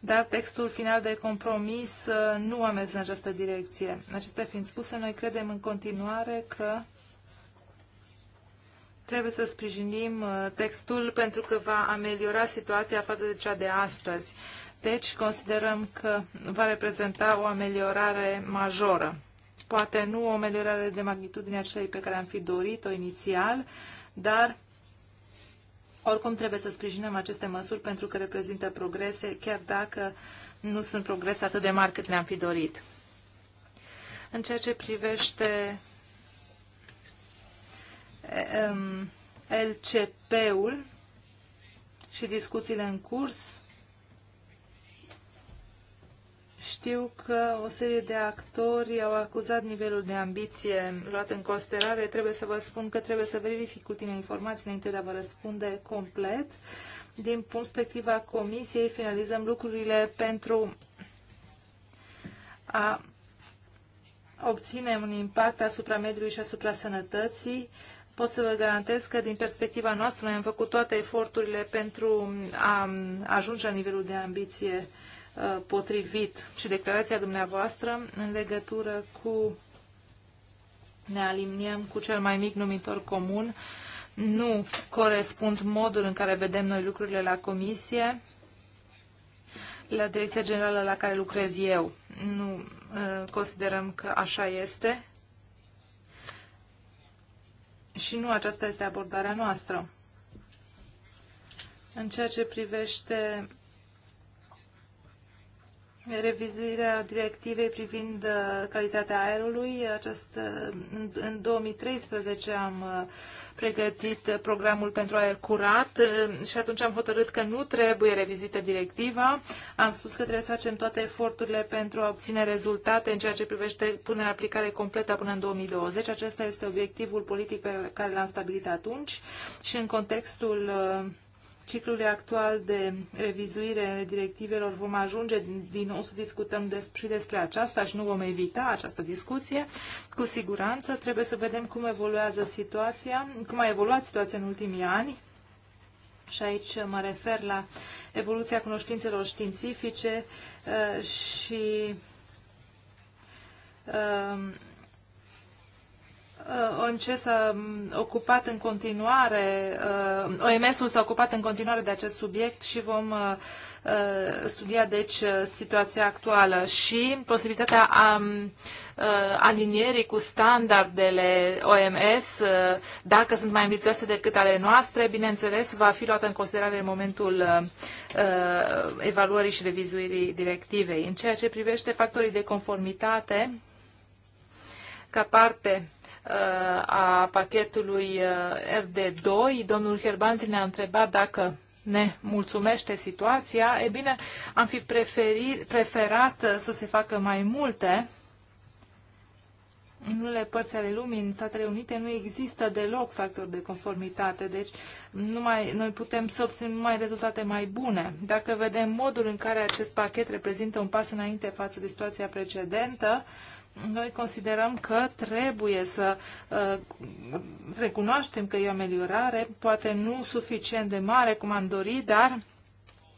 dar textul final de compromis uh, nu a mers în această direcție. Acestea fiind spuse, noi credem în continuare că trebuie să sprijinim uh, textul pentru că va ameliora situația față de cea de astăzi. Deci considerăm că va reprezenta o ameliorare majoră. Poate nu o ameliorare de magnitudine acelei pe care am fi dorit-o inițial, dar oricum trebuie să sprijinim aceste măsuri pentru că reprezintă progrese, chiar dacă nu sunt progrese atât de mari cât ne-am fi dorit. În ceea ce privește LCP-ul și discuțiile în curs, știu că o serie de actori au acuzat nivelul de ambiție luat în considerare. Trebuie să vă spun că trebuie să verific ultime informații înainte de a vă răspunde complet. Din perspectiva Comisiei, finalizăm lucrurile pentru a obține un impact asupra mediului și asupra sănătății. Pot să vă garantez că din perspectiva noastră noi am făcut toate eforturile pentru a ajunge la nivelul de ambiție Uh, potrivit și declarația dumneavoastră în legătură cu ne aliniem cu cel mai mic numitor comun nu corespund modul în care vedem noi lucrurile la comisie, la direcția generală la care lucrez eu. Nu uh, considerăm că așa este și nu aceasta este abordarea noastră. În ceea ce privește revizuirea directivei privind uh, calitatea aerului. Acest, uh, în, în 2013 am uh, pregătit programul pentru aer curat și atunci am hotărât că nu trebuie revizuită directiva. Am spus că trebuie să facem toate eforturile pentru a obține rezultate în ceea ce privește punerea aplicare completă până în 2020. Acesta este obiectivul politic pe care l-am stabilit atunci și în contextul uh, ciclului actual de revizuire directivelor vom ajunge din nou să discutăm despre, despre aceasta și nu vom evita această discuție. Cu siguranță trebuie să vedem cum evoluează situația, cum a evoluat situația în ultimii ani. Și aici mă refer la evoluția cunoștințelor științifice uh, și uh, Uh, OMC s-a um, ocupat în continuare, uh, OMS-ul s-a ocupat în continuare de acest subiect și vom uh, studia deci situația actuală și posibilitatea a, um, alinierii cu standardele OMS, dacă sunt mai ambițioase decât ale noastre, bineînțeles, va fi luată în considerare în momentul evaluării și revizuirii directivei. În ceea ce privește factorii de conformitate, ca parte Uh, a pachetului RD2, uh, domnul Herbanti ne-a întrebat dacă ne mulțumește situația, e bine, am fi preferit, preferat uh, să se facă mai multe. În unele părți ale lumii, în Statele Unite, nu există deloc factori de conformitate, deci numai, noi putem să obținem numai rezultate mai bune. Dacă vedem modul în care acest pachet reprezintă un pas înainte față de situația precedentă, uh, noi considerăm că trebuie să uh, recunoaștem că e o ameliorare, poate nu suficient de mare cum am dorit, dar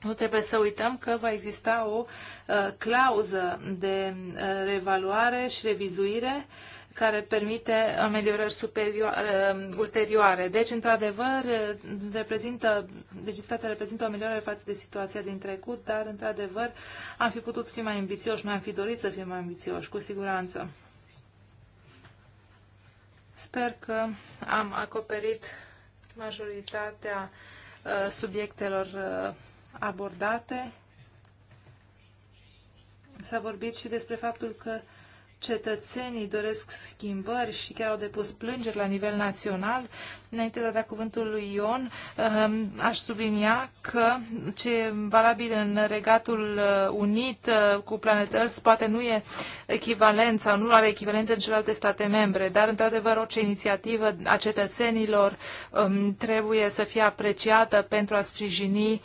nu trebuie să uităm că va exista o uh, clauză de uh, revaluare și revizuire uh, care permite ameliorări superioare, ulterioare. Deci, într-adevăr, reprezintă, legislația deci, reprezintă o ameliorare față de situația din trecut, dar, într-adevăr, am fi putut fi mai ambițioși, noi am fi dorit să fim mai ambițioși, cu siguranță. Sper că am acoperit majoritatea uh, subiectelor uh, abordate. S-a vorbit și despre faptul că cetățenii doresc schimbări și chiar au depus plângeri la nivel național, Înainte de a da cuvântul lui Ion, ehm, aș sublinia că ce e valabil în Regatul eh, Unit eh, cu Planet Earth poate nu e echivalent sau nu are echivalență în celelalte state membre, dar într-adevăr orice inițiativă a cetățenilor ehm, trebuie să fie apreciată pentru a sprijini eh,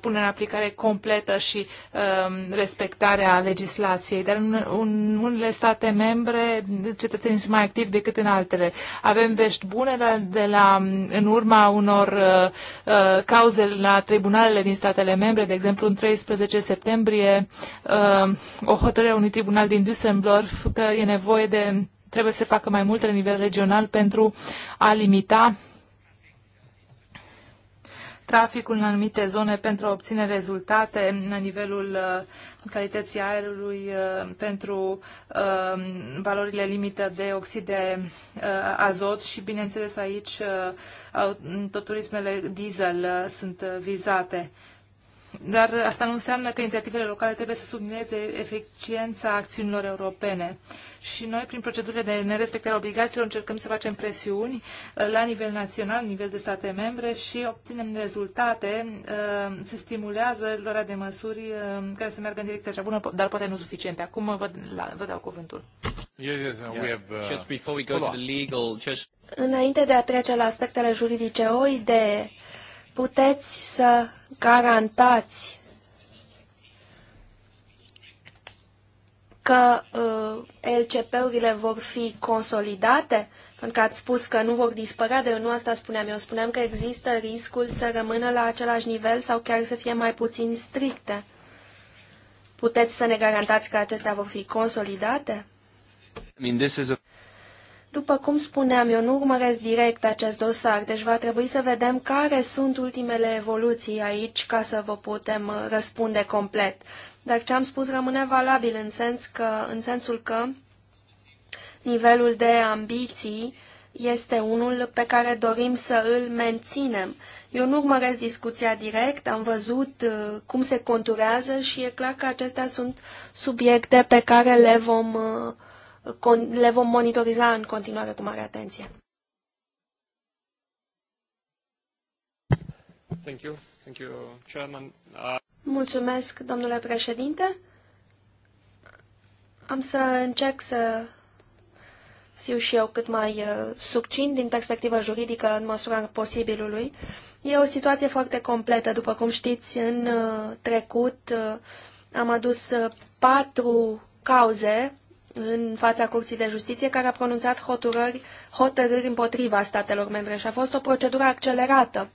punerea în aplicare completă și ehm, respectarea legislației. Dar în unele state membre cetățenii sunt mai activi decât în altele. Avem vești bune de la la, în urma unor uh, uh, cauze la tribunalele din statele membre, de exemplu în 13 septembrie, uh, o hotărâre a unui tribunal din Düsseldorf că e nevoie de, trebuie să facă mai mult la nivel regional pentru a limita uh, traficul în anumite zone pentru a obține rezultate la nivelul uh, calității aerului uh, pentru uh, valorile limită de oxid de azot și, bineînțeles, aici turismele diesel sunt vizate. Dar asta nu înseamnă că inițiativele locale trebuie să submineze eficiența acțiunilor europene. Și noi, prin procedurile de nerespectare a obligațiilor, încercăm să facem presiuni uh, la nivel național, la nivel de state membre și obținem rezultate. Uh, se stimulează luarea de măsuri uh, care să meargă în direcția cea bună, dar poate nu suficiente. Acum vă, la, vă dau cuvântul. Înainte de a trece la aspectele juridice, o idee puteți să garantați că uh, LCP-urile vor fi consolidate? Pentru că ați spus că nu vor dispărea, de eu nu asta spuneam. Eu spuneam că există riscul să rămână la același nivel sau chiar să fie mai puțin stricte. Puteți să ne garantați că acestea vor fi consolidate? I mean, this is a... După cum spuneam, eu nu urmăresc direct acest dosar, deci va trebui să vedem care sunt ultimele evoluții aici ca să vă putem uh, răspunde complet. Dar ce am spus rămâne valabil în, sens că, în sensul că nivelul de ambiții este unul pe care dorim să îl menținem. Eu nu urmăresc discuția direct, am văzut uh, cum se conturează și e clar că acestea sunt subiecte pe care le vom uh, le vom monitoriza în continuare cu mare atenție. Thank you. Thank you, Chairman. Uh... Mulțumesc, domnule președinte. Am să încerc să fiu și eu cât mai uh, succint din perspectivă juridică în măsura posibilului. E o situație foarte completă, după cum știți, în uh, trecut uh, am adus patru cauze în fața Curții de Justiție, care a pronunțat hotărâri, hotărâri împotriva statelor membre și a fost o procedură accelerată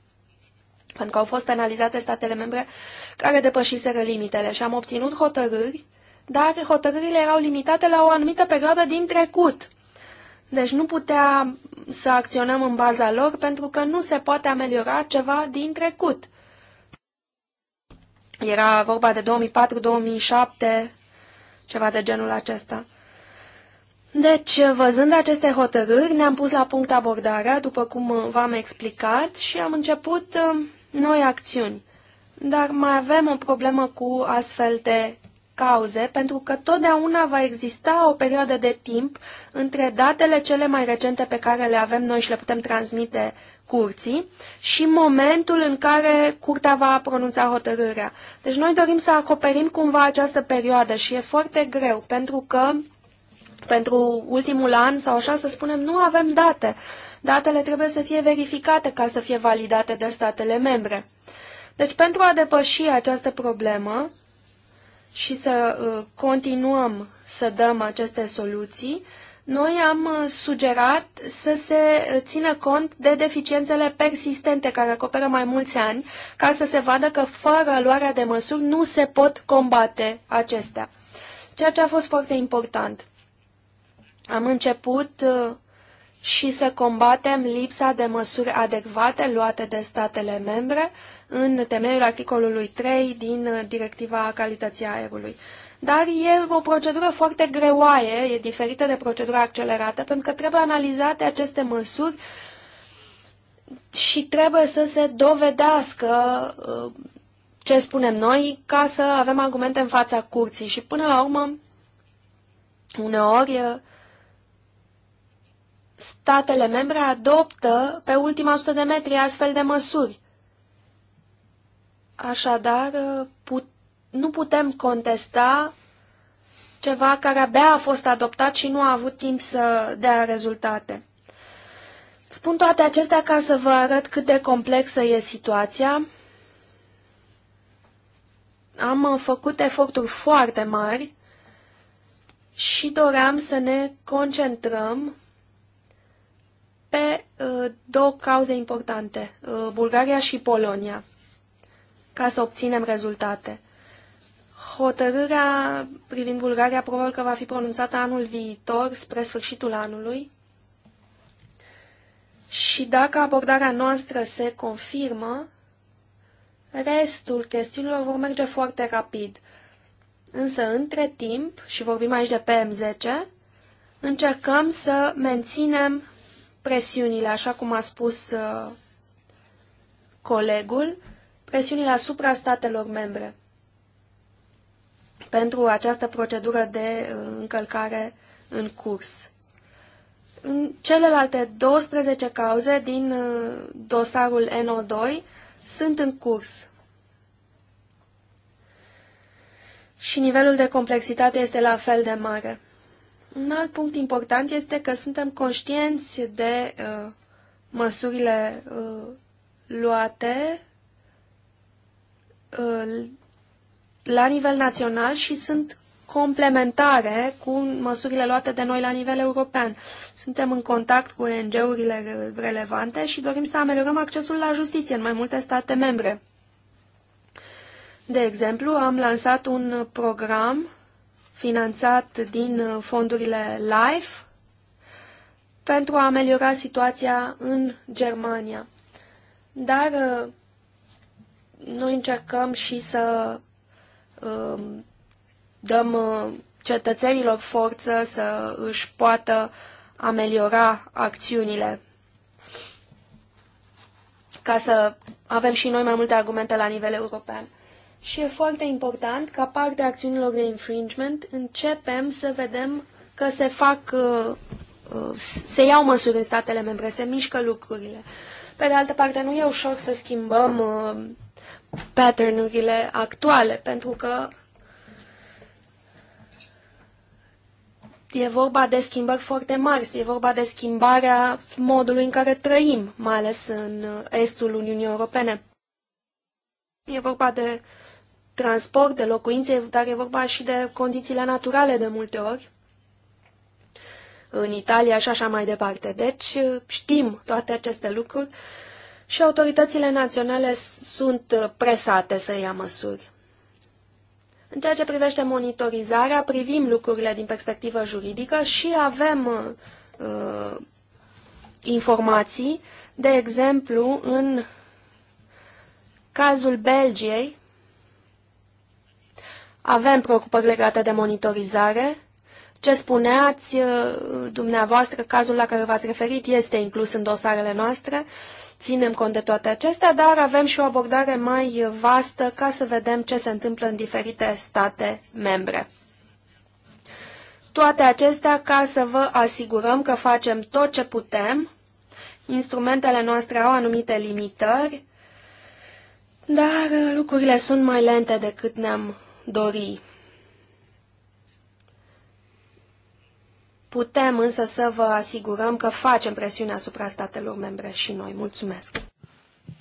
pentru că au fost penalizate statele membre care depășiseră limitele și am obținut hotărâri, dar hotărârile erau limitate la o anumită perioadă din trecut. Deci nu putea să acționăm în baza lor pentru că nu se poate ameliora ceva din trecut. Era vorba de 2004-2007, ceva de genul acesta. Deci, văzând aceste hotărâri, ne-am pus la punct abordarea, după cum v-am explicat, și am început uh, noi acțiuni. Dar mai avem o problemă cu astfel de cauze, pentru că totdeauna va exista o perioadă de timp între datele cele mai recente pe care le avem noi și le putem transmite curții și momentul în care curtea va pronunța hotărârea. Deci noi dorim să acoperim cumva această perioadă și e foarte greu, pentru că pentru ultimul an sau așa, să spunem, nu avem date. Datele trebuie să fie verificate ca să fie validate de statele membre. Deci, pentru a depăși această problemă și să uh, continuăm să dăm aceste soluții, noi am uh, sugerat să se țină cont de deficiențele persistente care acoperă mai mulți ani, ca să se vadă că fără luarea de măsuri nu se pot combate acestea. Ceea ce a fost foarte important. Am început uh, și să combatem lipsa de măsuri adecvate luate de statele membre în temeiul articolului 3 din uh, Directiva Calității Aerului. Dar e o procedură foarte greoaie, e diferită de procedura accelerată, pentru că trebuie analizate aceste măsuri și trebuie să se dovedească uh, ce spunem noi ca să avem argumente în fața curții. Și până la urmă, uneori, statele membre adoptă pe ultima sută de metri astfel de măsuri. Așadar, put nu putem contesta ceva care abia a fost adoptat și nu a avut timp să dea rezultate. Spun toate acestea ca să vă arăt cât de complexă e situația. Am făcut eforturi foarte mari și doream să ne concentrăm pe uh, două cauze importante, uh, Bulgaria și Polonia, ca să obținem rezultate. Hotărârea privind Bulgaria probabil că va fi pronunțată anul viitor, spre sfârșitul anului. Și dacă abordarea noastră se confirmă, restul chestiunilor vor merge foarte rapid. Însă, între timp, și vorbim aici de PM10, încercăm să menținem presiunile, așa cum a spus uh, colegul, presiunile asupra statelor membre pentru această procedură de uh, încălcare în curs. În celelalte 12 cauze din uh, dosarul NO2 sunt în curs. Și nivelul de complexitate este la fel de mare. Un alt punct important este că suntem conștienți de uh, măsurile uh, luate uh, la nivel național și sunt complementare cu măsurile luate de noi la nivel european. Suntem în contact cu ONG-urile relevante și dorim să ameliorăm accesul la justiție în mai multe state membre. De exemplu, am lansat un program finanțat din uh, fondurile LIFE pentru a ameliora situația în Germania. Dar uh, noi încercăm și să um, dăm uh, cetățenilor forță să își poată ameliora acțiunile ca să avem și noi mai multe argumente la nivel european și e foarte important ca parte a acțiunilor de infringement începem să vedem că se fac, uh, uh, se iau măsuri în statele membre, se mișcă lucrurile. Pe de altă parte, nu e ușor să schimbăm uh, patternurile actuale, pentru că e vorba de schimbări foarte mari, e vorba de schimbarea modului în care trăim, mai ales în estul Uniunii Europene. E vorba de transport, de locuințe, dar e vorba și de condițiile naturale de multe ori în Italia și așa mai departe. Deci știm toate aceste lucruri și autoritățile naționale sunt presate să ia măsuri. În ceea ce privește monitorizarea, privim lucrurile din perspectivă juridică și avem uh, informații, de exemplu, în cazul Belgiei, avem preocupări legate de monitorizare. Ce spuneați uh, dumneavoastră, cazul la care v-ați referit este inclus în dosarele noastre. Ținem cont de toate acestea, dar avem și o abordare mai vastă ca să vedem ce se întâmplă în diferite state membre. Toate acestea ca să vă asigurăm că facem tot ce putem. Instrumentele noastre au anumite limitări, dar uh, lucrurile sunt mai lente decât ne-am dori. Putem însă să vă asigurăm că facem presiune asupra statelor membre și noi. Mulțumesc!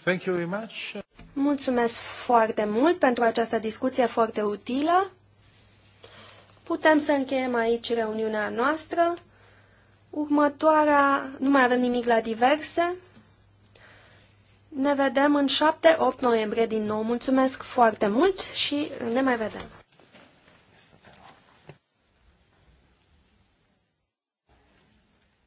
Thank you very much. Mulțumesc foarte mult pentru această discuție foarte utilă. Putem să încheiem aici reuniunea noastră. Următoarea, nu mai avem nimic la diverse. Ne vedem în 7-8 noiembrie din nou. Mulțumesc foarte mult și ne mai vedem!